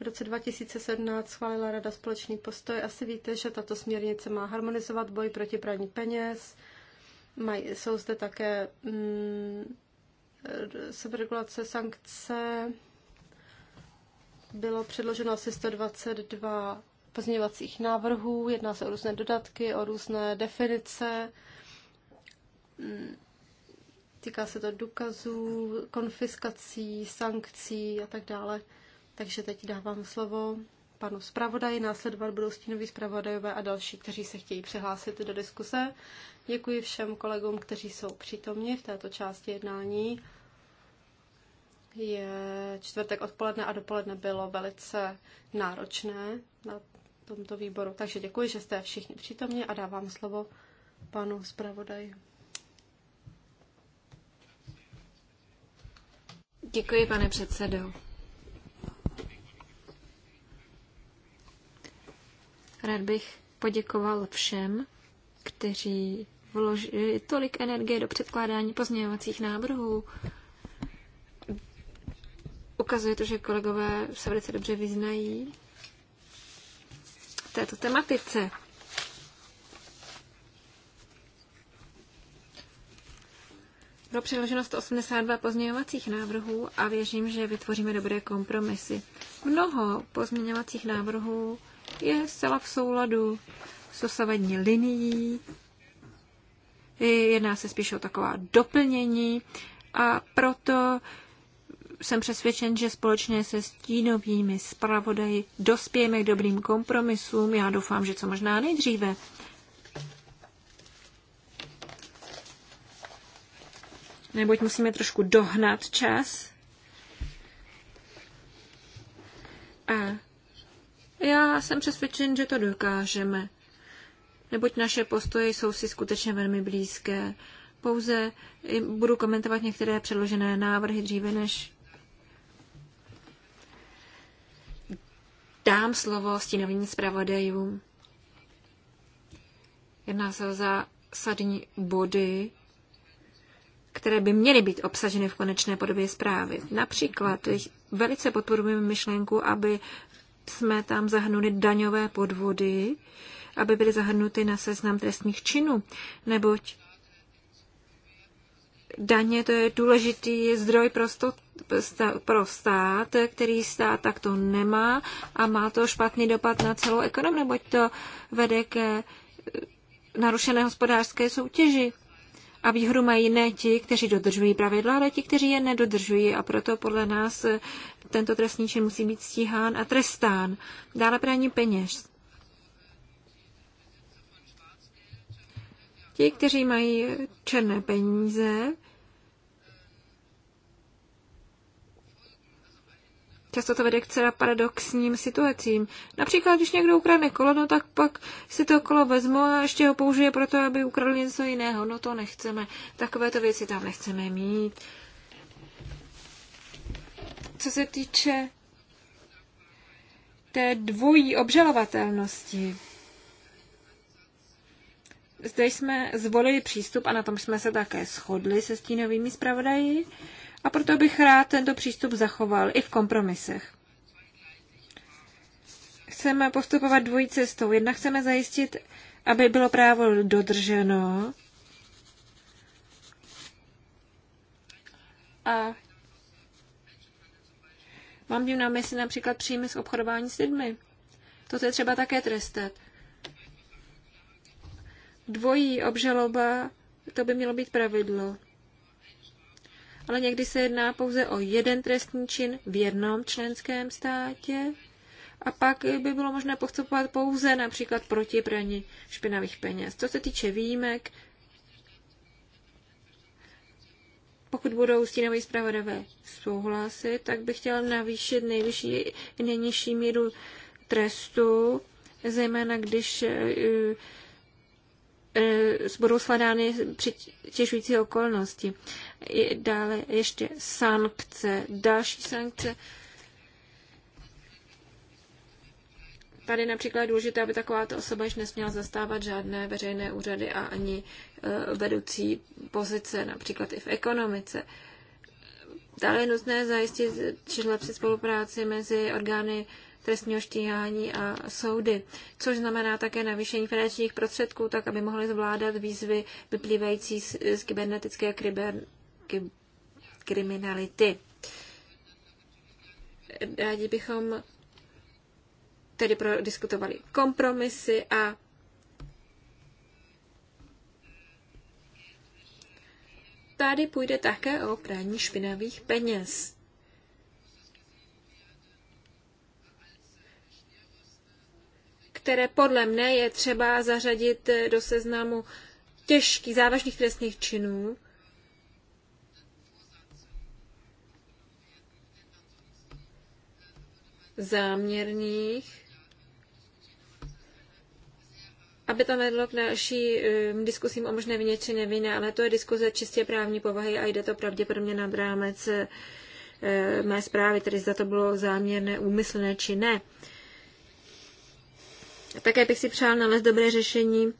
V roce 2017 schválila Rada společný postoj. Asi víte, že tato směrnice má harmonizovat boj proti praní peněz. Mají, jsou zde také mm, sebregulace sankce. Bylo předloženo asi 122 pozměňovacích návrhů. Jedná se o různé dodatky, o různé definice. Týká se to důkazů, konfiskací, sankcí a tak dále. Takže teď dávám slovo panu zpravodaji, následovat budou stínoví zpravodajové a další, kteří se chtějí přihlásit do diskuse. Děkuji všem kolegům, kteří jsou přítomni v této části jednání. Je čtvrtek odpoledne a dopoledne bylo velice náročné na tomto výboru. Takže děkuji, že jste všichni přítomni a dávám slovo panu zpravodaji. Děkuji, pane předsedo. Rád bych poděkoval všem, kteří vložili tolik energie do předkládání pozměňovacích návrhů. Ukazuje to, že kolegové se velice dobře vyznají v této tematice. Bylo přiloženo 182 pozměňovacích návrhů a věřím, že vytvoříme dobré kompromisy. Mnoho pozměňovacích návrhů je zcela v souladu s osavadní linií. Jedná se spíše o taková doplnění a proto jsem přesvědčen, že společně se stínovými zpravodaji dospějeme k dobrým kompromisům. Já doufám, že co možná nejdříve. Neboť musíme trošku dohnat čas. A já jsem přesvědčen, že to dokážeme, neboť naše postoje jsou si skutečně velmi blízké. Pouze budu komentovat některé předložené návrhy dříve, než dám slovo stínovým zpravodajům. Jedná se o zásadní body, které by měly být obsaženy v konečné podobě zprávy. Například velice podporujeme myšlenku, aby jsme tam zahrnuli daňové podvody, aby byly zahrnuty na seznam trestných činů, neboť daně to je důležitý zdroj pro, sto, pro stát, který stát takto nemá a má to špatný dopad na celou ekonomii, neboť to vede ke eh, narušené hospodářské soutěži. A výhru mají ne ti, kteří dodržují pravidla, ale ti, kteří je nedodržují. A proto podle nás eh, tento trestní čin musí být stíhán a trestán. Dále praní peněz. Ti, kteří mají černé peníze, Často to vede k celá paradoxním situacím. Například, když někdo ukradne kolo, no tak pak si to kolo vezmu a ještě ho použije pro to, aby ukradl něco jiného. No to nechceme. Takovéto věci tam nechceme mít co se týče té dvojí obžalovatelnosti, zde jsme zvolili přístup a na tom jsme se také shodli se stínovými zpravodaji a proto bych rád tento přístup zachoval i v kompromisech. Chceme postupovat dvojí cestou. Jedna chceme zajistit, aby bylo právo dodrženo a Mám tím na mysli například příjmy z obchodování s lidmi. To je třeba také trestat. Dvojí obžaloba, to by mělo být pravidlo. Ale někdy se jedná pouze o jeden trestní čin v jednom členském státě a pak by bylo možné postupovat pouze například proti praní špinavých peněz. Co se týče výjimek, pokud budou stínoví zpravodové souhlasit, tak bych chtěla navýšit nejvyšší, nejnižší míru trestu, zejména když eh, eh, budou sledány přitěžující okolnosti. Dále ještě sankce, další sankce Tady například je důležité, aby takováto osoba již nesměla zastávat žádné veřejné úřady a ani e, vedoucí pozice, například i v ekonomice. Dále je nutné zajistit či spolupráci mezi orgány trestního štíhání a soudy, což znamená také navýšení finančních prostředků, tak aby mohly zvládat výzvy vyplývající z, z kybernetické kriber, kyb, kriminality. Rádi bychom tedy prodiskutovali kompromisy a tady půjde také o praní špinavých peněz. které podle mne je třeba zařadit do seznamu těžkých závažných trestných činů, záměrných aby to vedlo k dalším um, diskusím o možné vině či nevině, ale to je diskuze čistě právní povahy a jde to pravděpodobně nad rámec eh, mé zprávy, tedy zda to bylo záměrné, úmyslné či ne. Také bych si přál nalézt dobré řešení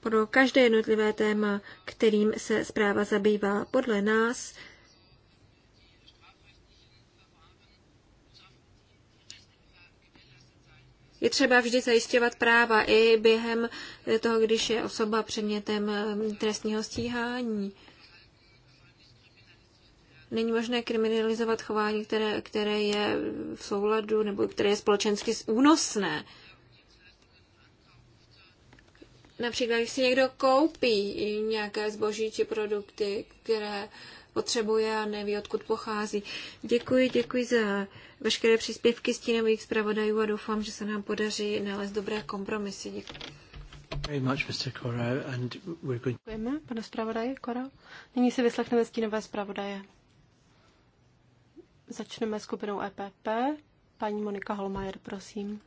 pro každé jednotlivé téma, kterým se zpráva zabývá. Podle nás je třeba vždy zajišťovat práva i během toho, když je osoba předmětem eh, trestního stíhání. Není možné kriminalizovat chování, které, které je v souladu nebo které je společensky únosné. Například, když si někdo koupí nějaké zboží či produkty, které potřebuje a neví, odkud pochází. Děkuji, děkuji za veškeré příspěvky stínových zpravodajů a doufám, že se nám podaří nalézt dobré kompromisy. Děkuji. Děkujeme, pane zpravodaji Koro. Nyní si vyslechneme stínové zpravodaje. Začneme skupinou EPP. Paní Monika Holmajer, prosím.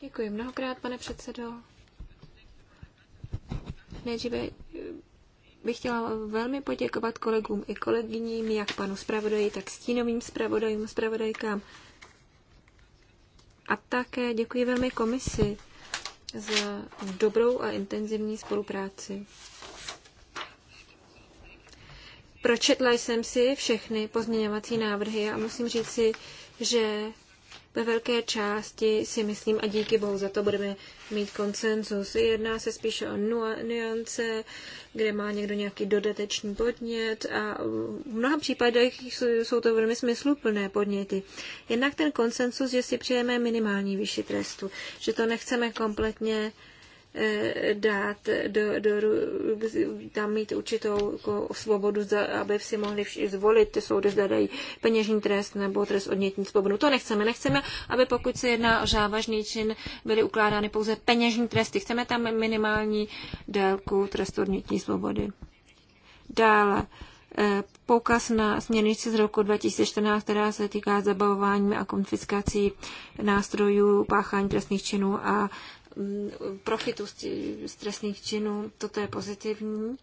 Děkuji mnohokrát, pane předsedo. Nejdříve bych chtěla velmi poděkovat kolegům i kolegyním, jak panu zpravodaji, tak stínovým zpravodajům, zpravodajkám. A také děkuji velmi komisi za dobrou a intenzivní spolupráci. Pročetla jsem si všechny pozměňovací návrhy a musím říci, že ve velké části si myslím, a díky bohu za to budeme mít konsenzus. Jedná se spíše o nuance, kde má někdo nějaký dodatečný podnět a v mnoha případech jsou to velmi smysluplné podněty. Jednak ten konsensus, že si přejeme minimální výši trestu, že to nechceme kompletně uh, Eh, dát do, do, tam mít určitou jako, svobodu, aby si mohli vši zvolit, ty soudy dají peněžní trest nebo trest odnětní svobodu. To nechceme. Nechceme, aby pokud se jedná o závažný čin, byly ukládány pouze peněžní tresty. Chceme tam minimální délku trestu odnětní svobody. Dále eh, poukaz na směrnici z roku 2014, která se týká zabavování a konfiskací nástrojů páchání trestných činů a Mm, profitu z trestných činů. Toto je pozitivní.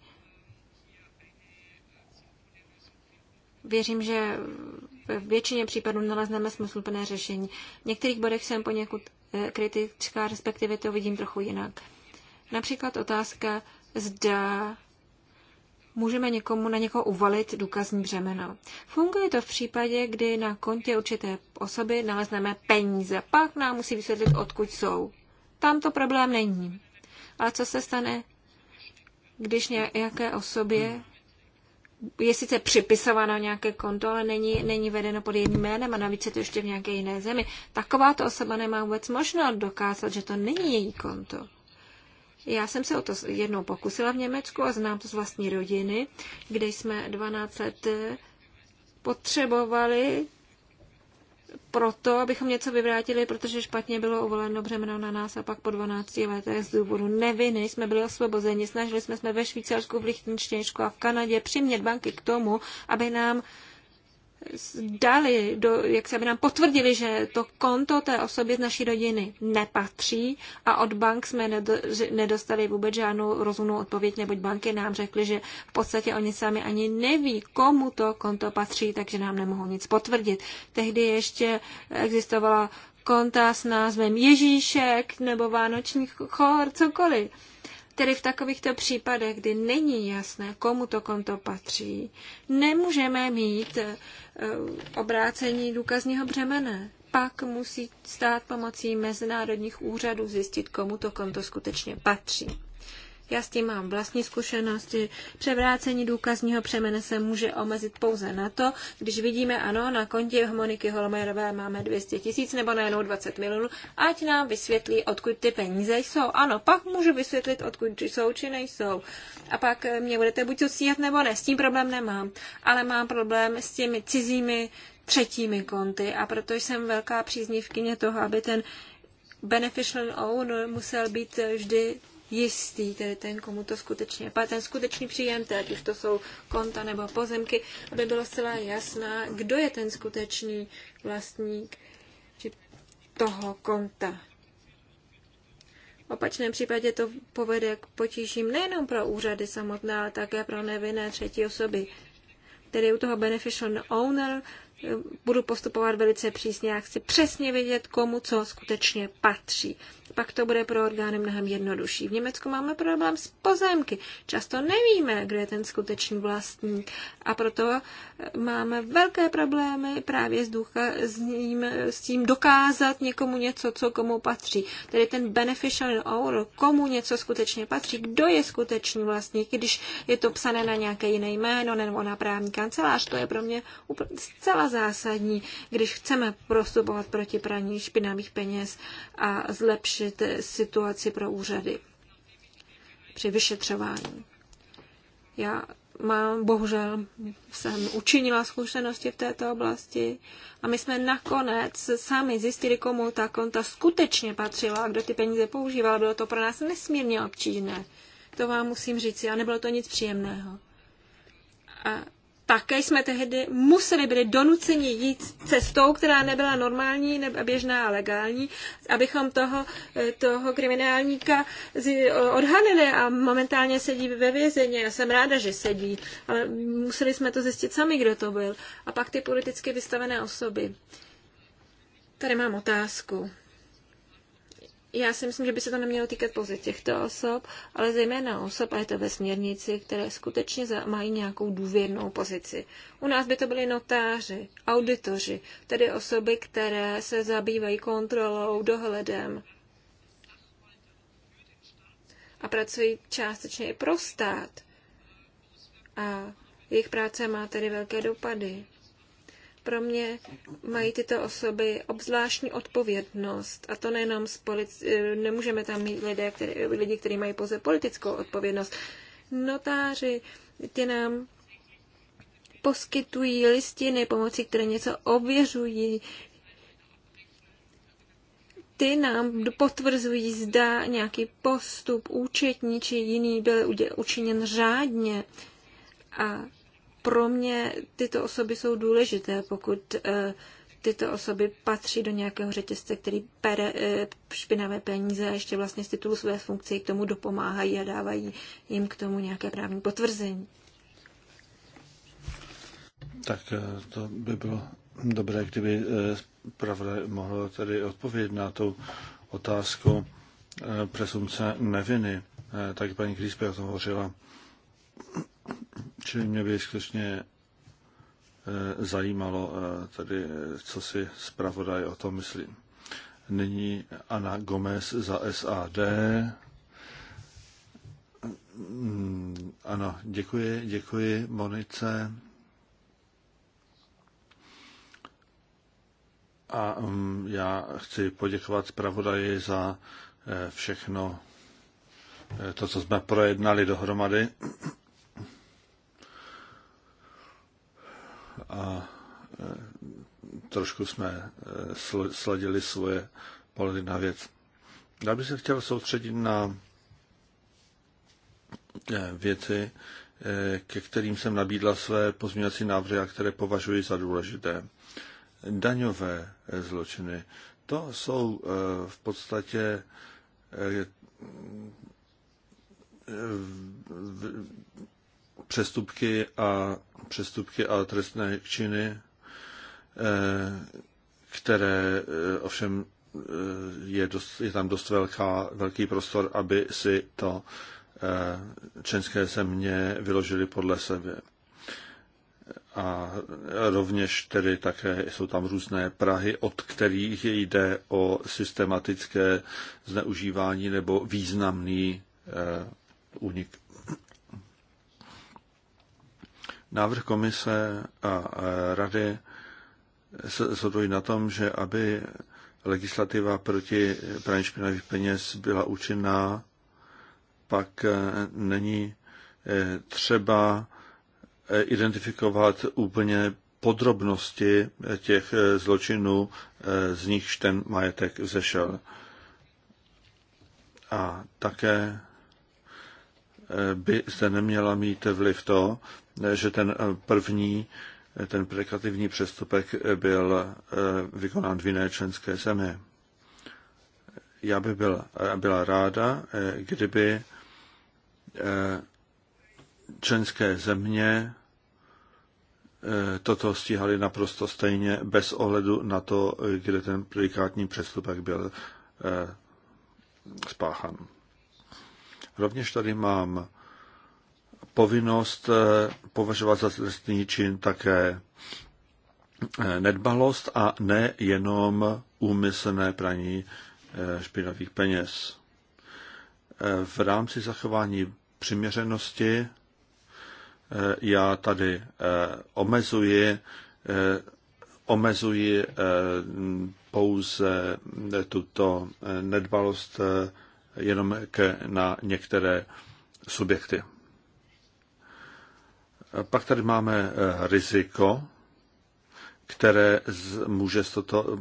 Věřím, že ve většině případů nalezneme smysluplné řešení. V některých bodech jsem poněkud eh, kritická, respektive to vidím trochu jinak. Například otázka, zda můžeme někomu na někoho uvalit důkazní břemeno. Funguje to v případě, kdy na kontě určité osoby nalezneme peníze. Pak nám musí vysvětlit, odkud jsou. Tam to problém není. Ale co se stane, když nějaké osobě je sice připisováno nějaké konto, ale není, není vedeno pod jedním jménem a navíc je to ještě v nějaké jiné zemi. Takováto osoba nemá vůbec možnost dokázat, že to není její konto. Já jsem se o to jednou pokusila v Německu a znám to z vlastní rodiny, kde jsme 12 let potřebovali proto, abychom něco vyvrátili, protože špatně bylo uvoleno břemeno na nás a pak po 12 letech z důvodu neviny jsme byli osvobozeni. Snažili jsme se ve Švýcarsku, v Lichtenštejnsku a v Kanadě přimět banky k tomu, aby nám dali, do, jak se by nám potvrdili, že to konto té osoby z naší rodiny nepatří a od bank jsme nedostali vůbec žádnou rozumnou odpověď, neboť banky nám řekly, že v podstatě oni sami ani neví, komu to konto patří, takže nám nemohou nic potvrdit. Tehdy ještě existovala konta s názvem Ježíšek nebo Vánoční chor, cokoliv. Tedy v takovýchto případech, kdy není jasné, komu to konto patří, nemůžeme mít eh, obrácení důkazního břemene. Pak musí stát pomocí mezinárodních úřadů zjistit, komu to konto skutečně patří. Já s tím mám vlastní zkušenosti. Převrácení důkazního přemene se může omezit pouze na to, když vidíme, ano, na kontě Moniky Holmerové máme 200 tisíc nebo najednou 20 milionů, ať nám vysvětlí, odkud ty peníze jsou. Ano, pak můžu vysvětlit, odkud jsou či nejsou. A pak mě budete buď odstíhat nebo ne. S tím problém nemám. Ale mám problém s těmi cizími třetími konty a proto jsem velká příznivkyně toho, aby ten beneficial owner musel být vždy jistý, tedy ten, komu to skutečně patří, ten skutečný příjemce, ať už to jsou konta nebo pozemky, aby bylo zcela jasná, kdo je ten skutečný vlastník či toho konta. V opačném případě to povede k potížím nejenom pro úřady samotné, ale také pro nevinné třetí osoby. Tedy u toho beneficial owner budu postupovat velice přísně. a chci přesně vědět, komu co skutečně patří. Pak to bude pro orgány mnohem jednodušší. V Německu máme problém s pozemky. Často nevíme, kdo je ten skutečný vlastník. A proto eh, máme velké problémy právě s, ducha, s, ním, s tím dokázat někomu něco, co komu patří. Tedy ten beneficial owner, komu něco skutečně patří, kdo je skutečný vlastník, když je to psané na nějaké jiné jméno nebo na právní kancelář. To je pro mě zcela zásadní, když chceme prostupovat proti praní špinavých peněz a zlepšit situaci pro úřady při vyšetřování. Já mám, bohužel jsem učinila zkušenosti v této oblasti a my jsme nakonec sami zjistili, komu ta konta skutečně patřila a kdo ty peníze používal. Bylo to pro nás nesmírně obtížné. To vám musím říct, a nebylo to nic příjemného. A také jsme tehdy museli byli donuceni jít cestou, která nebyla normální, nebo běžná a legální, abychom toho, eh, toho kriminálníka odhalili a momentálně sedí ve vězení. Já jsem ráda, že sedí, ale museli jsme to zjistit sami, kdo to byl. A pak ty politicky vystavené osoby. Tady mám otázku. Já si myslím, že by se to nemělo týkat pouze těchto osob, ale zejména osob, a je to ve směrnici, které skutečně mají nějakou důvěrnou pozici. U nás by to byly notáři, auditoři, tedy osoby, které se zabývají kontrolou, dohledem a pracují částečně i pro stát. A jejich práce má tedy velké dopady. Pro mě mají tyto osoby obzvláštní odpovědnost a to nejenom z eh, nemůžeme tam mít lidé, který, lidi, kteří mají pouze politickou odpovědnost. Notáři, ty nám poskytují listiny, pomocí které něco ověřují, ty nám potvrzují, zda nějaký postup účetní či jiný byl učiněn řádně. A pro mě tyto osoby jsou důležité, pokud eh, tyto osoby patří do nějakého řetězce, který pere eh, špinavé peníze a ještě vlastně z titulu své funkce k tomu dopomáhají a dávají jim k tomu nějaké právní potvrzení. Tak eh, to by bylo dobré, kdyby pravda mohla tady odpovědět na tu otázku presumce neviny. Tak paní Krispe o tom hovořila. Čili mě by skutečně eh, zajímalo, eh, tedy, co si zpravodaj o tom myslí. Nyní Ana Gomez za SAD. Mm, ano, děkuji, děkuji Monice. A mm, já chci poděkovat zpravodaji za eh, všechno to, co jsme projednali dohromady. a e, trošku jsme e, sladili svoje pohledy na věc. Já bych se chtěl soustředit na e, věci, ke kterým jsem nabídla své pozměňovací návrhy a které považuji za důležité. Daňové zločiny. To jsou v podstatě přestupky a, přestupky a trestné činy, eh, které eh, ovšem eh, je, dost, je tam dost velká, velký prostor, aby si to členské země vyložili podle sebe. A rovněž tedy také jsou tam různé Prahy, od kterých jde o systematické zneužívání nebo významný únik Návrh komise a rady se shodují na tom, že aby legislativa proti praní špinavých peněz byla účinná, pak e, není e, třeba e, identifikovat úplně podrobnosti těch zločinů, z nichž ten majetek zešel. A také by zde neměla mít vliv to, že ten eh, první, eh, ten predikativní přestupek eh, byl vykonán v jiné členské zemi. Já bych byl byla ráda, kdyby členské země toto stíhali naprosto stejně, bez ohledu na to, kde ten predikátní přestupek byl spáchan. Rovněž tady mám povinnost eh, považovat za trestný čin také eh, nedbalost a ne jenom úmyslné praní eh, špinavých peněz. V rámci zachování přiměřenosti já tady omezuji, omezuji pouze tuto nedbalost jenom na některé subjekty. Pak tady máme eh, riziko, které může, toto,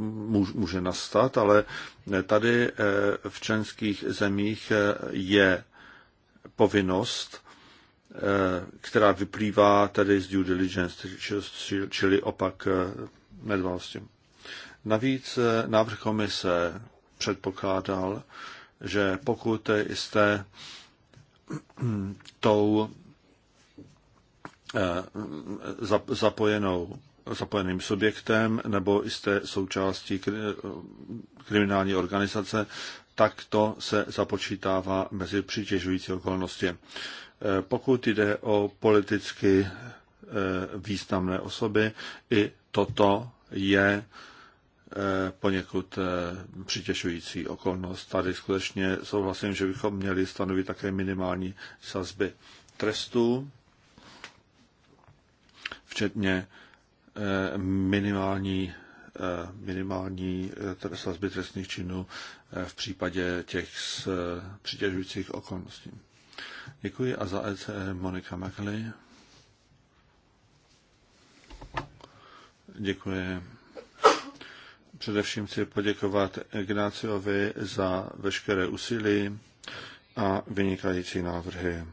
může nastat, ale eh, tady eh, v členských zemích je povinnost, která vyplývá tedy z due diligence, čili opak nedbalosti. Navíc návrh komise předpokládal, že pokud jste hm, tou Eh, zapojenou, zapojeným subjektem nebo jste součástí eh, kriminální organizace, tak to se započítává mezi přitěžující okolnosti. Eh, pokud jde o politicky významné osoby, i toto je poněkud přitěšující okolnost. Tady skutečně souhlasím, že bychom měli stanovit také minimální sazby trestů včetně eh, minimální, eh, minimální eh, sazby trestných činů v případě těch s přitěžujících okolností. Děkuji a za ECR e Monika Makely. Děkuji. Především chci poděkovat Ignáciovi za veškeré úsilí a vynikající návrhy.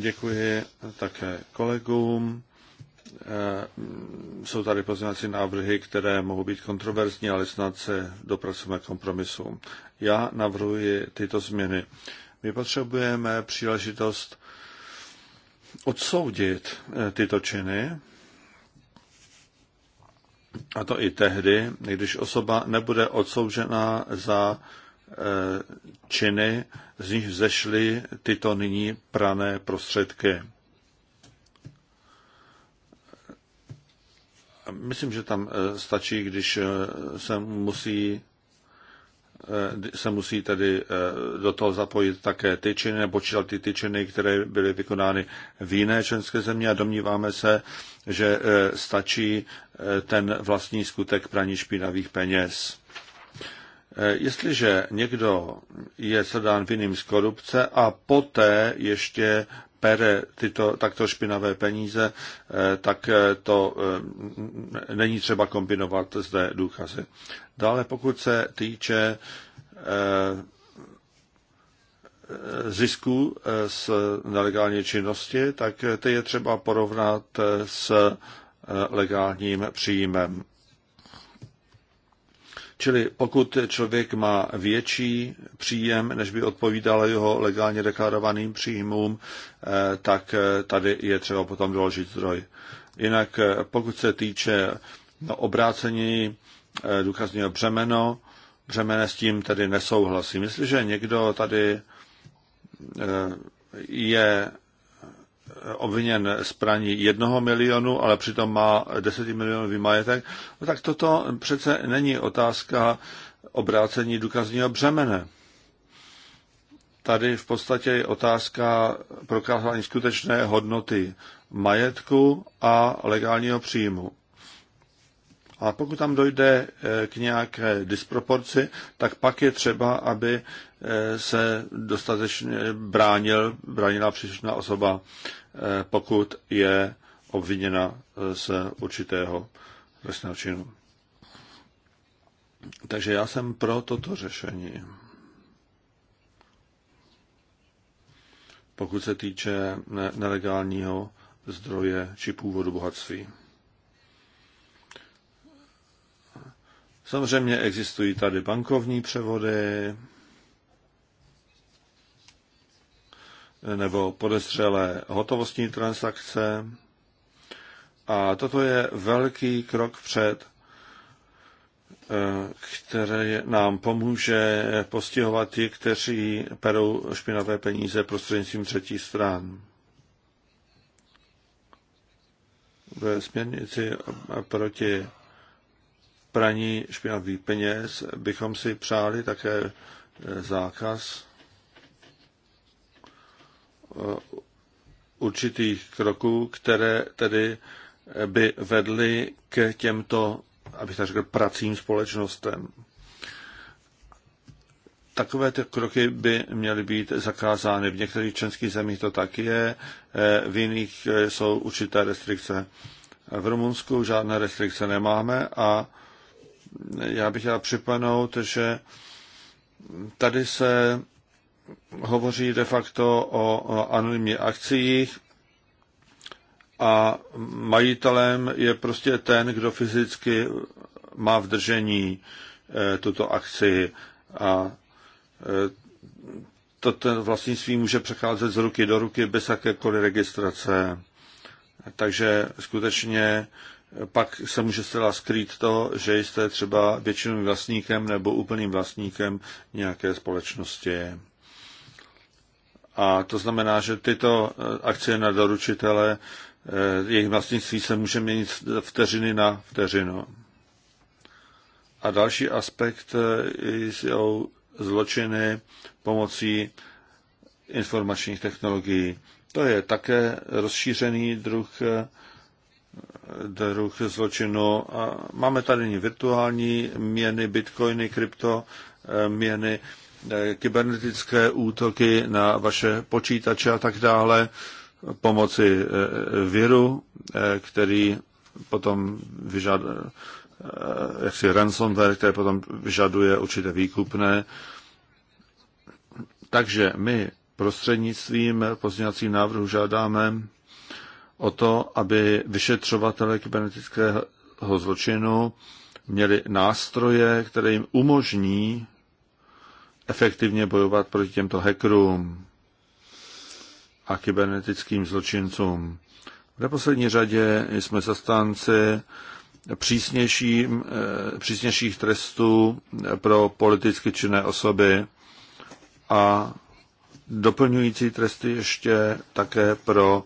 Děkuji také kolegům. Eh, jsou tady pozměňovací návrhy, které mohou být kontroverzní, ale snad se dopracujeme kompromisu. Já navrhuji tyto změny. My potřebujeme příležitost odsoudit eh, tyto činy, a to i tehdy, když osoba nebude odsoužena za Eh, činy, z nich vzešly tyto nyní prané prostředky. Myslím, že tam eh, stačí, když eh, se musí se musí tedy do toho zapojit také ty činy, nebo ty, ty činy, které byly vykonány v jiné členské země a domníváme se, že stačí ten vlastní skutek praní špinavých peněz. Eh, jestliže někdo je sedán vinným z korupce a poté ještě pere tyto takto špinavé peníze, eh, tak eh, to není třeba kombinovat zde důkazy. Dále pokud se týče zisku z nelegální činnosti, tak ty je třeba porovnat s legálním příjmem. Čili pokud člověk má větší příjem, než by odpovídal jeho legálně deklarovaným příjmům, eh, tak eh, tady je třeba potom doložit zdroj. Jinak eh, pokud se týče no, obrácení důkazního břemeno, břemene s tím tedy nesouhlasím. Jestliže někdo tady je obviněn z praní jednoho milionu, ale přitom má desetimilionový majetek, no tak toto přece není otázka obrácení důkazního břemene. Tady v podstatě je otázka prokázání skutečné hodnoty majetku a legálního příjmu. A pokud tam dojde eh, k nějaké disproporci, tak pak je třeba, aby eh, se dostatečně bránil, bránila příslušná osoba. Eh, pokud je obviněna eh, z určitého trestného činu. Takže já jsem pro toto řešení. Pokud se týče nelegálního zdroje či původu bohatství. Samozřejmě existují tady bankovní převody, nebo podezřelé hotovostní transakce. A toto je velký krok před, eh, který nám pomůže postihovat ti, kteří perou špinavé peníze prostřednictvím třetí stran. Ve směrnici proti praní špinavých peněz bychom si přáli také zákaz Eh, určitých kroků, které tedy eh, by vedly k těmto, abych tak řekl, pracím společnostem. Takové ty kroky by měly být zakázány. V některých českých zemích to tak je, eh, v jiných jsou určité restrikce. V Rumunsku žádné restrikce nemáme a já bych chtěl připomenout, že tady se hovoří de facto o anonymních akcích a majitelem je prostě ten, kdo fyzicky má v držení eh, tuto akci a eh, ten vlastnictví může přecházet z ruky do ruky bez jakékoliv registrace. Takže skutečně eh, pak se může zcela skrýt to, že jste třeba většinovým vlastníkem nebo úplným vlastníkem nějaké společnosti. A to znamená, že tyto eh, akcie na doručitele, eh, jejich vlastnictví se může měnit vteřiny na vteřinu. A další aspekt eh, jsou zločiny pomocí informačních technologií. To je také rozšířený druh, druh zločinu. máme tady virtuální měny, bitcoiny, krypto měny Eh, kybernetické útoky na vaše počítače a tak dále, pomoci eh, viru, eh, který potom vyžaduje, jaksi ransomware, který potom vyžaduje určité výkupné. Takže my prostřednictvím pozměňovacích návrhů žádáme o to, aby vyšetřovatele kybernetického zločinu měli nástroje, které jim umožní efektivně bojovat proti těmto hackerům a kybernetickým zločincům. V neposlední řadě jsme zastánci přísnější, eh, přísnějších trestů pro politicky činné osoby a doplňující tresty ještě také pro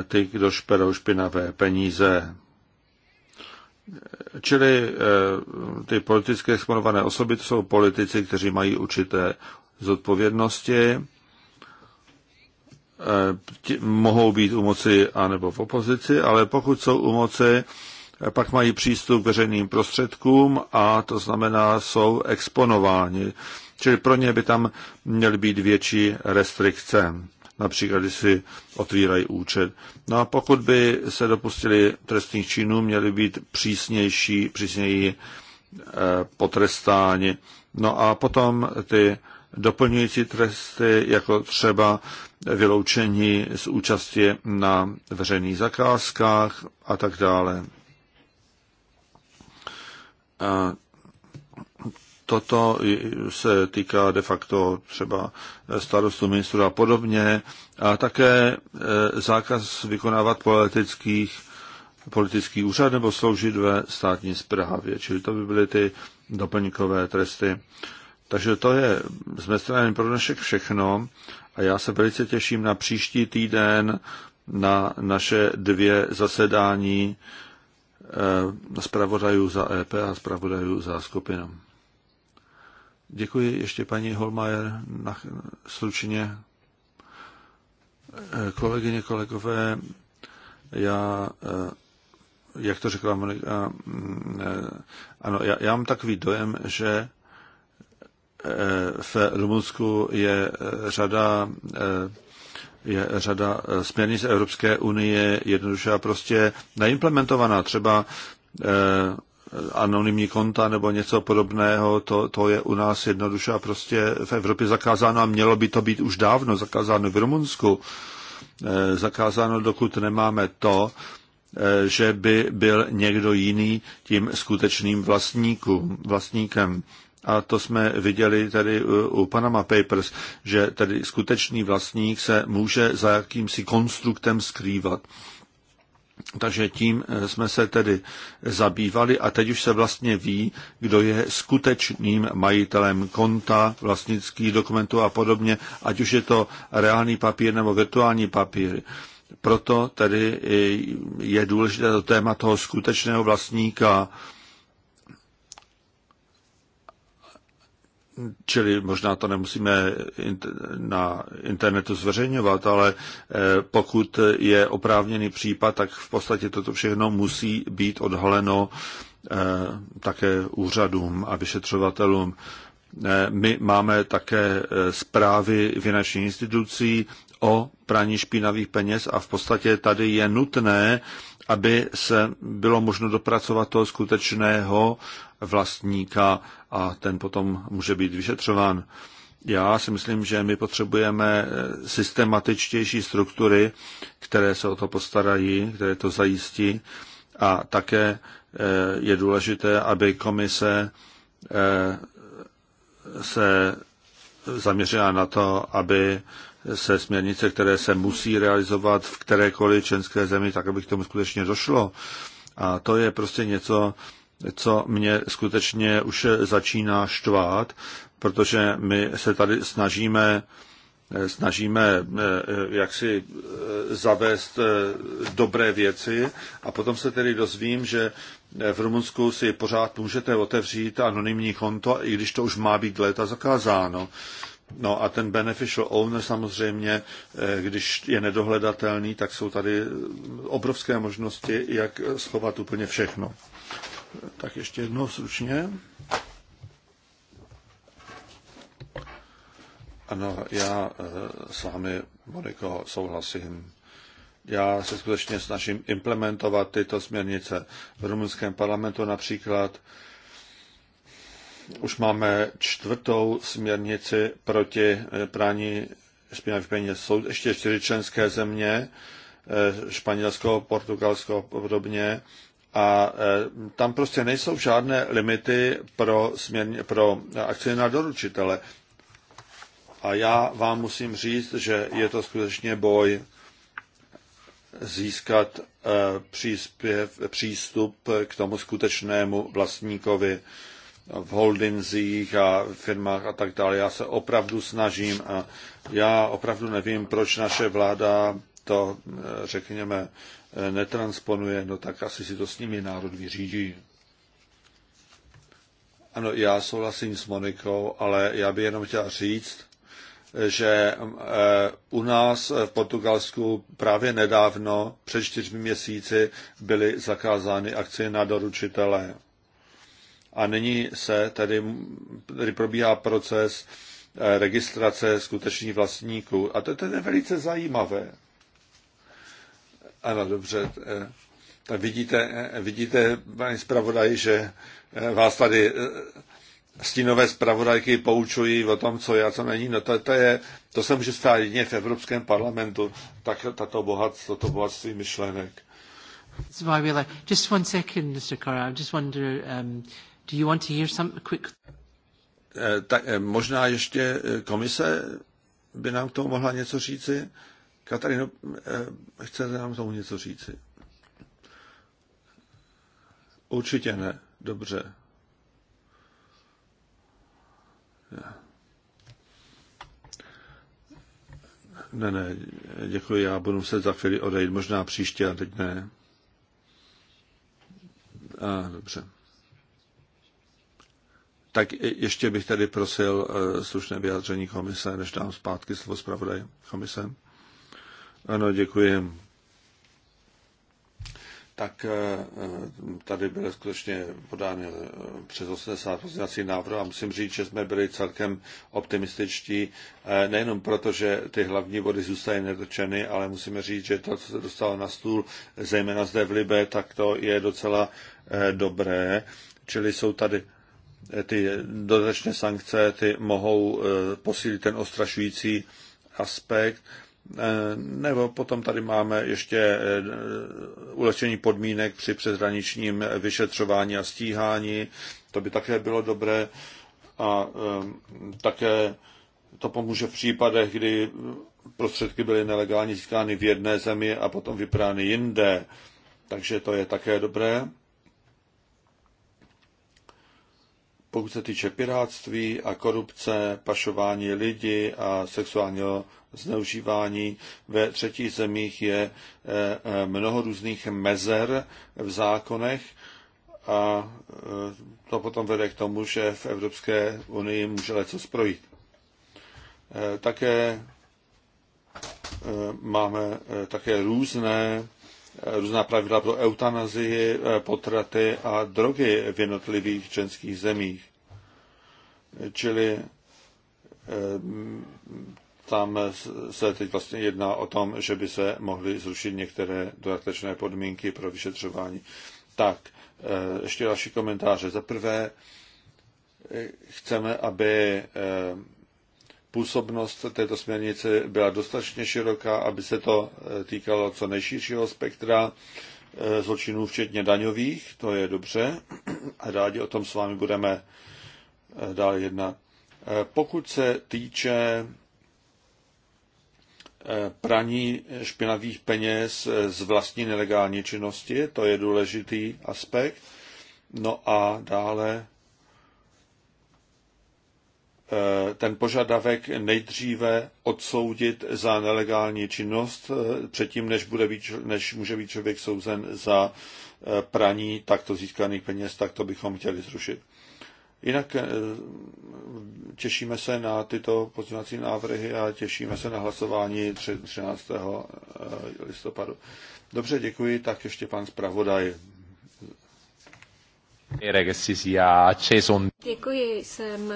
eh, ty, kdo šperou špinavé peníze. Čili eh, ty politické exponované osoby to jsou politici, kteří mají určité zodpovědnosti, eh, mohou být u moci anebo v opozici, ale pokud jsou u moci, eh, pak mají přístup k veřejným prostředkům a to znamená, jsou exponováni. Čili pro ně by tam měly být větší restrikce například když si otvírají účet. No a pokud by se dopustili trestných činů, měli být přísnější, přísněji eh, potrestáni. No a potom ty doplňující tresty, jako třeba vyloučení z účasti na veřejných zakázkách a tak dále toto se týká de facto třeba starostu ministru a podobně. A také eh, zákaz vykonávat politických, politický úřad nebo sloužit ve státní správě. Čili to by byly ty doplňkové tresty. Takže to je z mé strany pro dnešek všechno a já se velice těším na příští týden na naše dvě zasedání eh, zpravodajů za EP a zpravodajů za skupinu. Děkuji ještě paní Holmajer na, slučně. Eh, kolegyně, kolegové, já, eh, jak to řekla Monika, mm, eh, ano, já, já mám takový dojem, že v Rumunsku je řada je řada směrnic Evropské unie jednoduše a prostě neimplementovaná. Třeba anonymní konta nebo něco podobného, to, to je u nás jednoduše a prostě v Evropě zakázáno a mělo by to být už dávno zakázáno v Rumunsku. Eh, zakázáno, dokud nemáme to, eh, že by byl někdo jiný tím skutečným vlastníku, vlastníkem. A to jsme viděli tady eh, u Panama Papers, že tady skutečný vlastník se může za jakýmsi konstruktem skrývat. Takže tím eh, jsme se tedy zabývali a teď už se vlastně ví, kdo je skutečným majitelem konta, vlastnických dokumentů a podobně, ať už je to reálný papír nebo virtuální papír. Proto tedy eh, je důležité to téma toho skutečného vlastníka Čili možná to nemusíme na internetu zveřejňovat, ale eh, pokud je oprávněný případ, tak v podstatě toto všechno musí být odhaleno eh, také úřadům a vyšetřovatelům. Eh, my máme také zprávy finančních institucí o praní špinavých peněz a v podstatě tady je nutné, aby se bylo možno dopracovat toho skutečného vlastníka a ten potom může být vyšetřován. Já si myslím, že my potřebujeme eh, systematičtější struktury, které se o to postarají, které to zajistí a také eh, je důležité, aby komise eh, se zaměřila na to, aby se směrnice, které se musí realizovat v kterékoliv členské zemi, tak aby k tomu skutečně došlo. A to je prostě něco, co mě skutečně už začíná štvát, protože my se tady snažíme snažíme eh, jaksi eh, zavést eh, dobré věci a potom se tedy dozvím, že v Rumunsku si pořád můžete otevřít anonymní konto, i když to už má být léta zakázáno. No a ten beneficial owner samozřejmě, když je nedohledatelný, tak jsou tady obrovské možnosti, jak schovat úplně všechno. Tak ještě jednou slučně. Ano, já eh, s vámi, Moniko, souhlasím. Já se skutečně snažím implementovat tyto směrnice. V rumunském parlamentu například už máme čtvrtou směrnici proti eh, prání špinavých peněz. Jsou ještě čtyři členské země, eh, Španělsko, Portugalsko a podobně, a e, tam prostě nejsou žádné limity pro, směrně, pro akcie na doručitele. A já vám musím říct, že je to skutečně boj získat e, příspěv, přístup k tomu skutečnému vlastníkovi v holdinzích a firmách a tak dále. Já se opravdu snažím a já opravdu nevím, proč naše vláda to, e, řekněme, Eh, netransponuje, no tak asi si to s nimi národ vyřídí. Ano, já souhlasím s Monikou, ale já bych jenom chtěl říct, že eh, u nás v Portugalsku právě nedávno, před čtyřmi měsíci, byly zakázány akcie na doručitele. A nyní se tady, tady probíhá proces eh, registrace skutečných vlastníků. A to, to je velice zajímavé. Ano, dobře. Eh, vidíte, eh, vidíte paní zpravodaj, že eh, vás tady stínové zpravodajky poučují o tom, co je a co není. No to, to, je, to se může stát jedině v Evropském parlamentu, tak tato bohatství, toto bohatství myšlenek. just one second, Mr. Carr. I just wonder, um, do you want to hear some quick... Tak možná ještě komise by nám k tomu mohla něco říci? Katarino, no, eh, chcete nám tomu něco říci? Určitě ne. Dobře. Ne, ne, děkuji, já budu se za chvíli odejít, možná příště, a teď ne. A, dobře. Tak ještě bych tady prosil eh, slušné vyjádření komise, než dám zpátky slovo zpravodaj komise. Ano, děkuji. Tak eh, eh, tady byly skutečně podány eh, přes 80 pozměňovacích návrhů a musím říct, že jsme byli celkem optimističtí, nejenom proto, že ty hlavní body zůstaly nedočeny, ale musíme říct, že to, co se dostalo na stůl, zejména zde v Libe, tak to je docela dobré. Čili jsou tady ty dodatečné sankce, ty mohou posílit ten ostrašující aspekt Eh, nebo potom tady máme ještě eh, ulečení podmínek při přeshraničním vyšetřování a stíhání. To by také bylo dobré. A eh, také to pomůže v případech, kdy prostředky byly nelegálně získány v jedné zemi a potom vyprány jinde. Takže to je také dobré. pokud se týče pirátství a korupce, pašování lidí a sexuálního zneužívání ve třetích zemích je eh, eh, mnoho různých mezer v zákonech a eh, to potom vede k tomu, že v Evropské unii může leco projít. Také máme také různé různá pravidla pro eutanazii, eh, potraty a drogy v jednotlivých členských zemích. Čili eh, tam se teď vlastně jedná o tom, že by se mohly zrušit některé dodatečné podmínky pro vyšetřování. Tak, eh, ještě další komentáře. Za prvé, chceme, aby působnost této směrnice byla dostatečně široká, aby se to eh, týkalo co nejširšího spektra eh, zločinů, včetně daňových, to je dobře a rádi o tom s vámi budeme eh, dál jednat. Pokud se týče praní špinavých peněz z vlastní nelegální činnosti, to je důležitý aspekt. No a dále Eh, ten požadavek nejdříve odsoudit za nelegální činnost, eh, předtím, než, bude být, než může být člověk souzen za eh, praní takto získaných peněz, tak to bychom chtěli zrušit. Jinak těšíme se na tyto pozměňovací návrhy a těšíme se na hlasování 13. listopadu. Dobře, děkuji. Tak ještě pan zpravodaj. Děkuji, jsem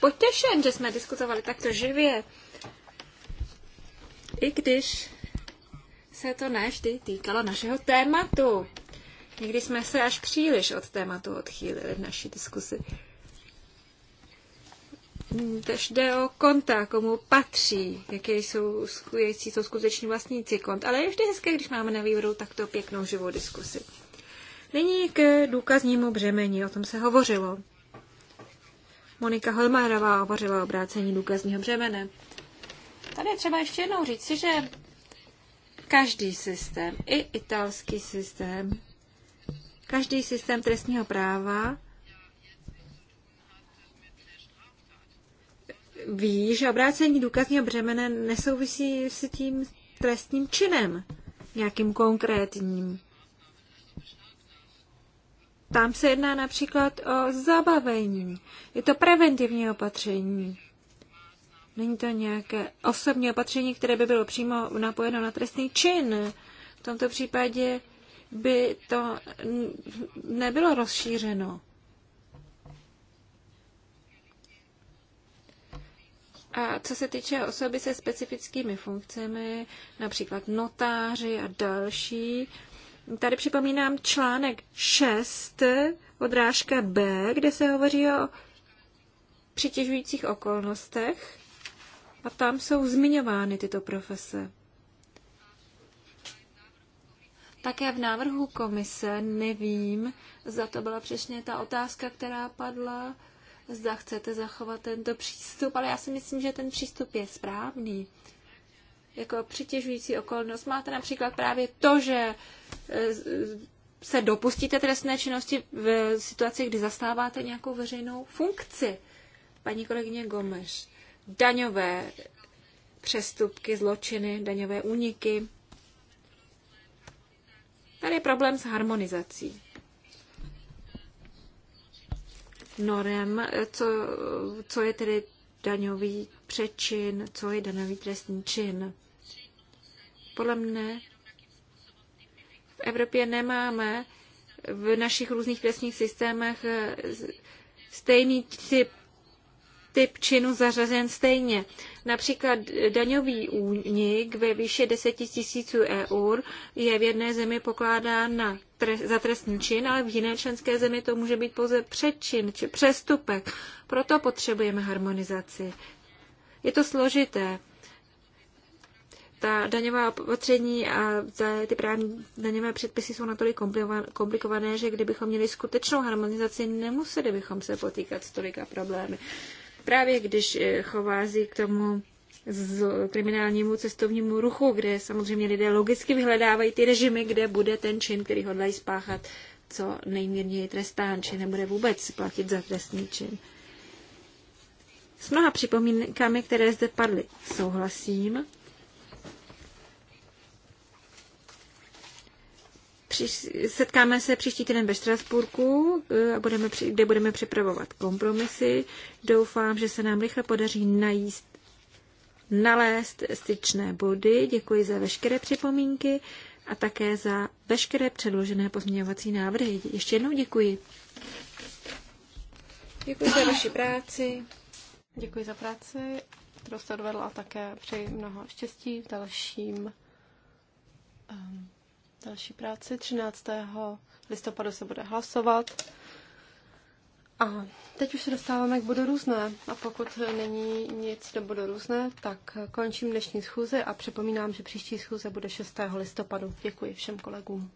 potěšen, že jsme diskutovali takto živě. I když se to ne vždy týkalo našeho tématu. Někdy jsme se až příliš od tématu odchýlili v naší diskusi. Tež jde o konta, komu patří, jaké jsou, jací jsou skuteční vlastníci kont. Ale je vždy hezké, když máme na výboru takto pěknou živou diskusi. Nyní k důkaznímu břemení, o tom se hovořilo. Monika Holmárová hovořila o obrácení důkazního břemene. Tady je třeba ještě jednou si, že každý systém, i italský systém, každý systém trestního práva ví, že obrácení důkazního břemene nesouvisí s tím trestním činem, nějakým konkrétním. Tam se jedná například o zabavení. Je to preventivní opatření. Není to nějaké osobní opatření, které by bylo přímo napojeno na trestný čin. V tomto případě by to nebylo rozšířeno. A co se týče osoby se specifickými funkcemi, například notáři a další, Tady připomínám článek 6, odrážka B, kde se hovoří o přitěžujících okolnostech a tam jsou zmiňovány tyto profese. Také v návrhu komise nevím, za to byla přesně ta otázka, která padla, zda chcete zachovat tento přístup, ale já si myslím, že ten přístup je správný jako přitěžující okolnost máte například právě to, že e, se dopustíte trestné činnosti v situaci, kdy zastáváte nějakou veřejnou funkci. Paní kolegyně Gomeš, daňové přestupky, zločiny, daňové úniky. Tady je problém s harmonizací norem, co, co je tedy daňový přečin, co je daňový trestní čin. Podle mne v Evropě nemáme v našich různých trestních systémech eh, stejný typ typ činu zařazen stejně. Například daňový únik ve výše 10 000 eur je v jedné zemi pokládán na trest, za trestný čin, ale v jiné členské zemi to může být pouze předčin či přestupek. Proto potřebujeme harmonizaci. Je to složité ta daňová opatření a ty právní daňové předpisy jsou natolik komplikované, že kdybychom měli skutečnou harmonizaci, nemuseli bychom se potýkat s tolika problémy. Právě když eh, chovází k tomu z kriminálnímu cestovnímu ruchu, kde samozřejmě lidé logicky vyhledávají ty režimy, kde bude ten čin, který hodlají spáchat, co nejmírněji trestán, či nebude vůbec platit za trestný čin. S mnoha připomínkami, které zde padly, souhlasím. setkáme se příští týden ve Štrasburku, eh, budeme, kde budeme připravovat kompromisy. Doufám, že se nám rychle podaří najíst, nalézt styčné body. Děkuji za veškeré připomínky a také za veškeré předložené pozměňovací návrhy. Ještě jednou děkuji. Děkuji za vaši práci. Děkuji za práci, kterou jste odvedla a také přeji mnoho štěstí v dalším um, další práci. 13. listopadu se bude hlasovat. A teď už se dostáváme k bodu různé. A pokud není nic do bodu různé, tak končím dnešní schůze a připomínám, že příští schůze bude 6. listopadu. Děkuji všem kolegům.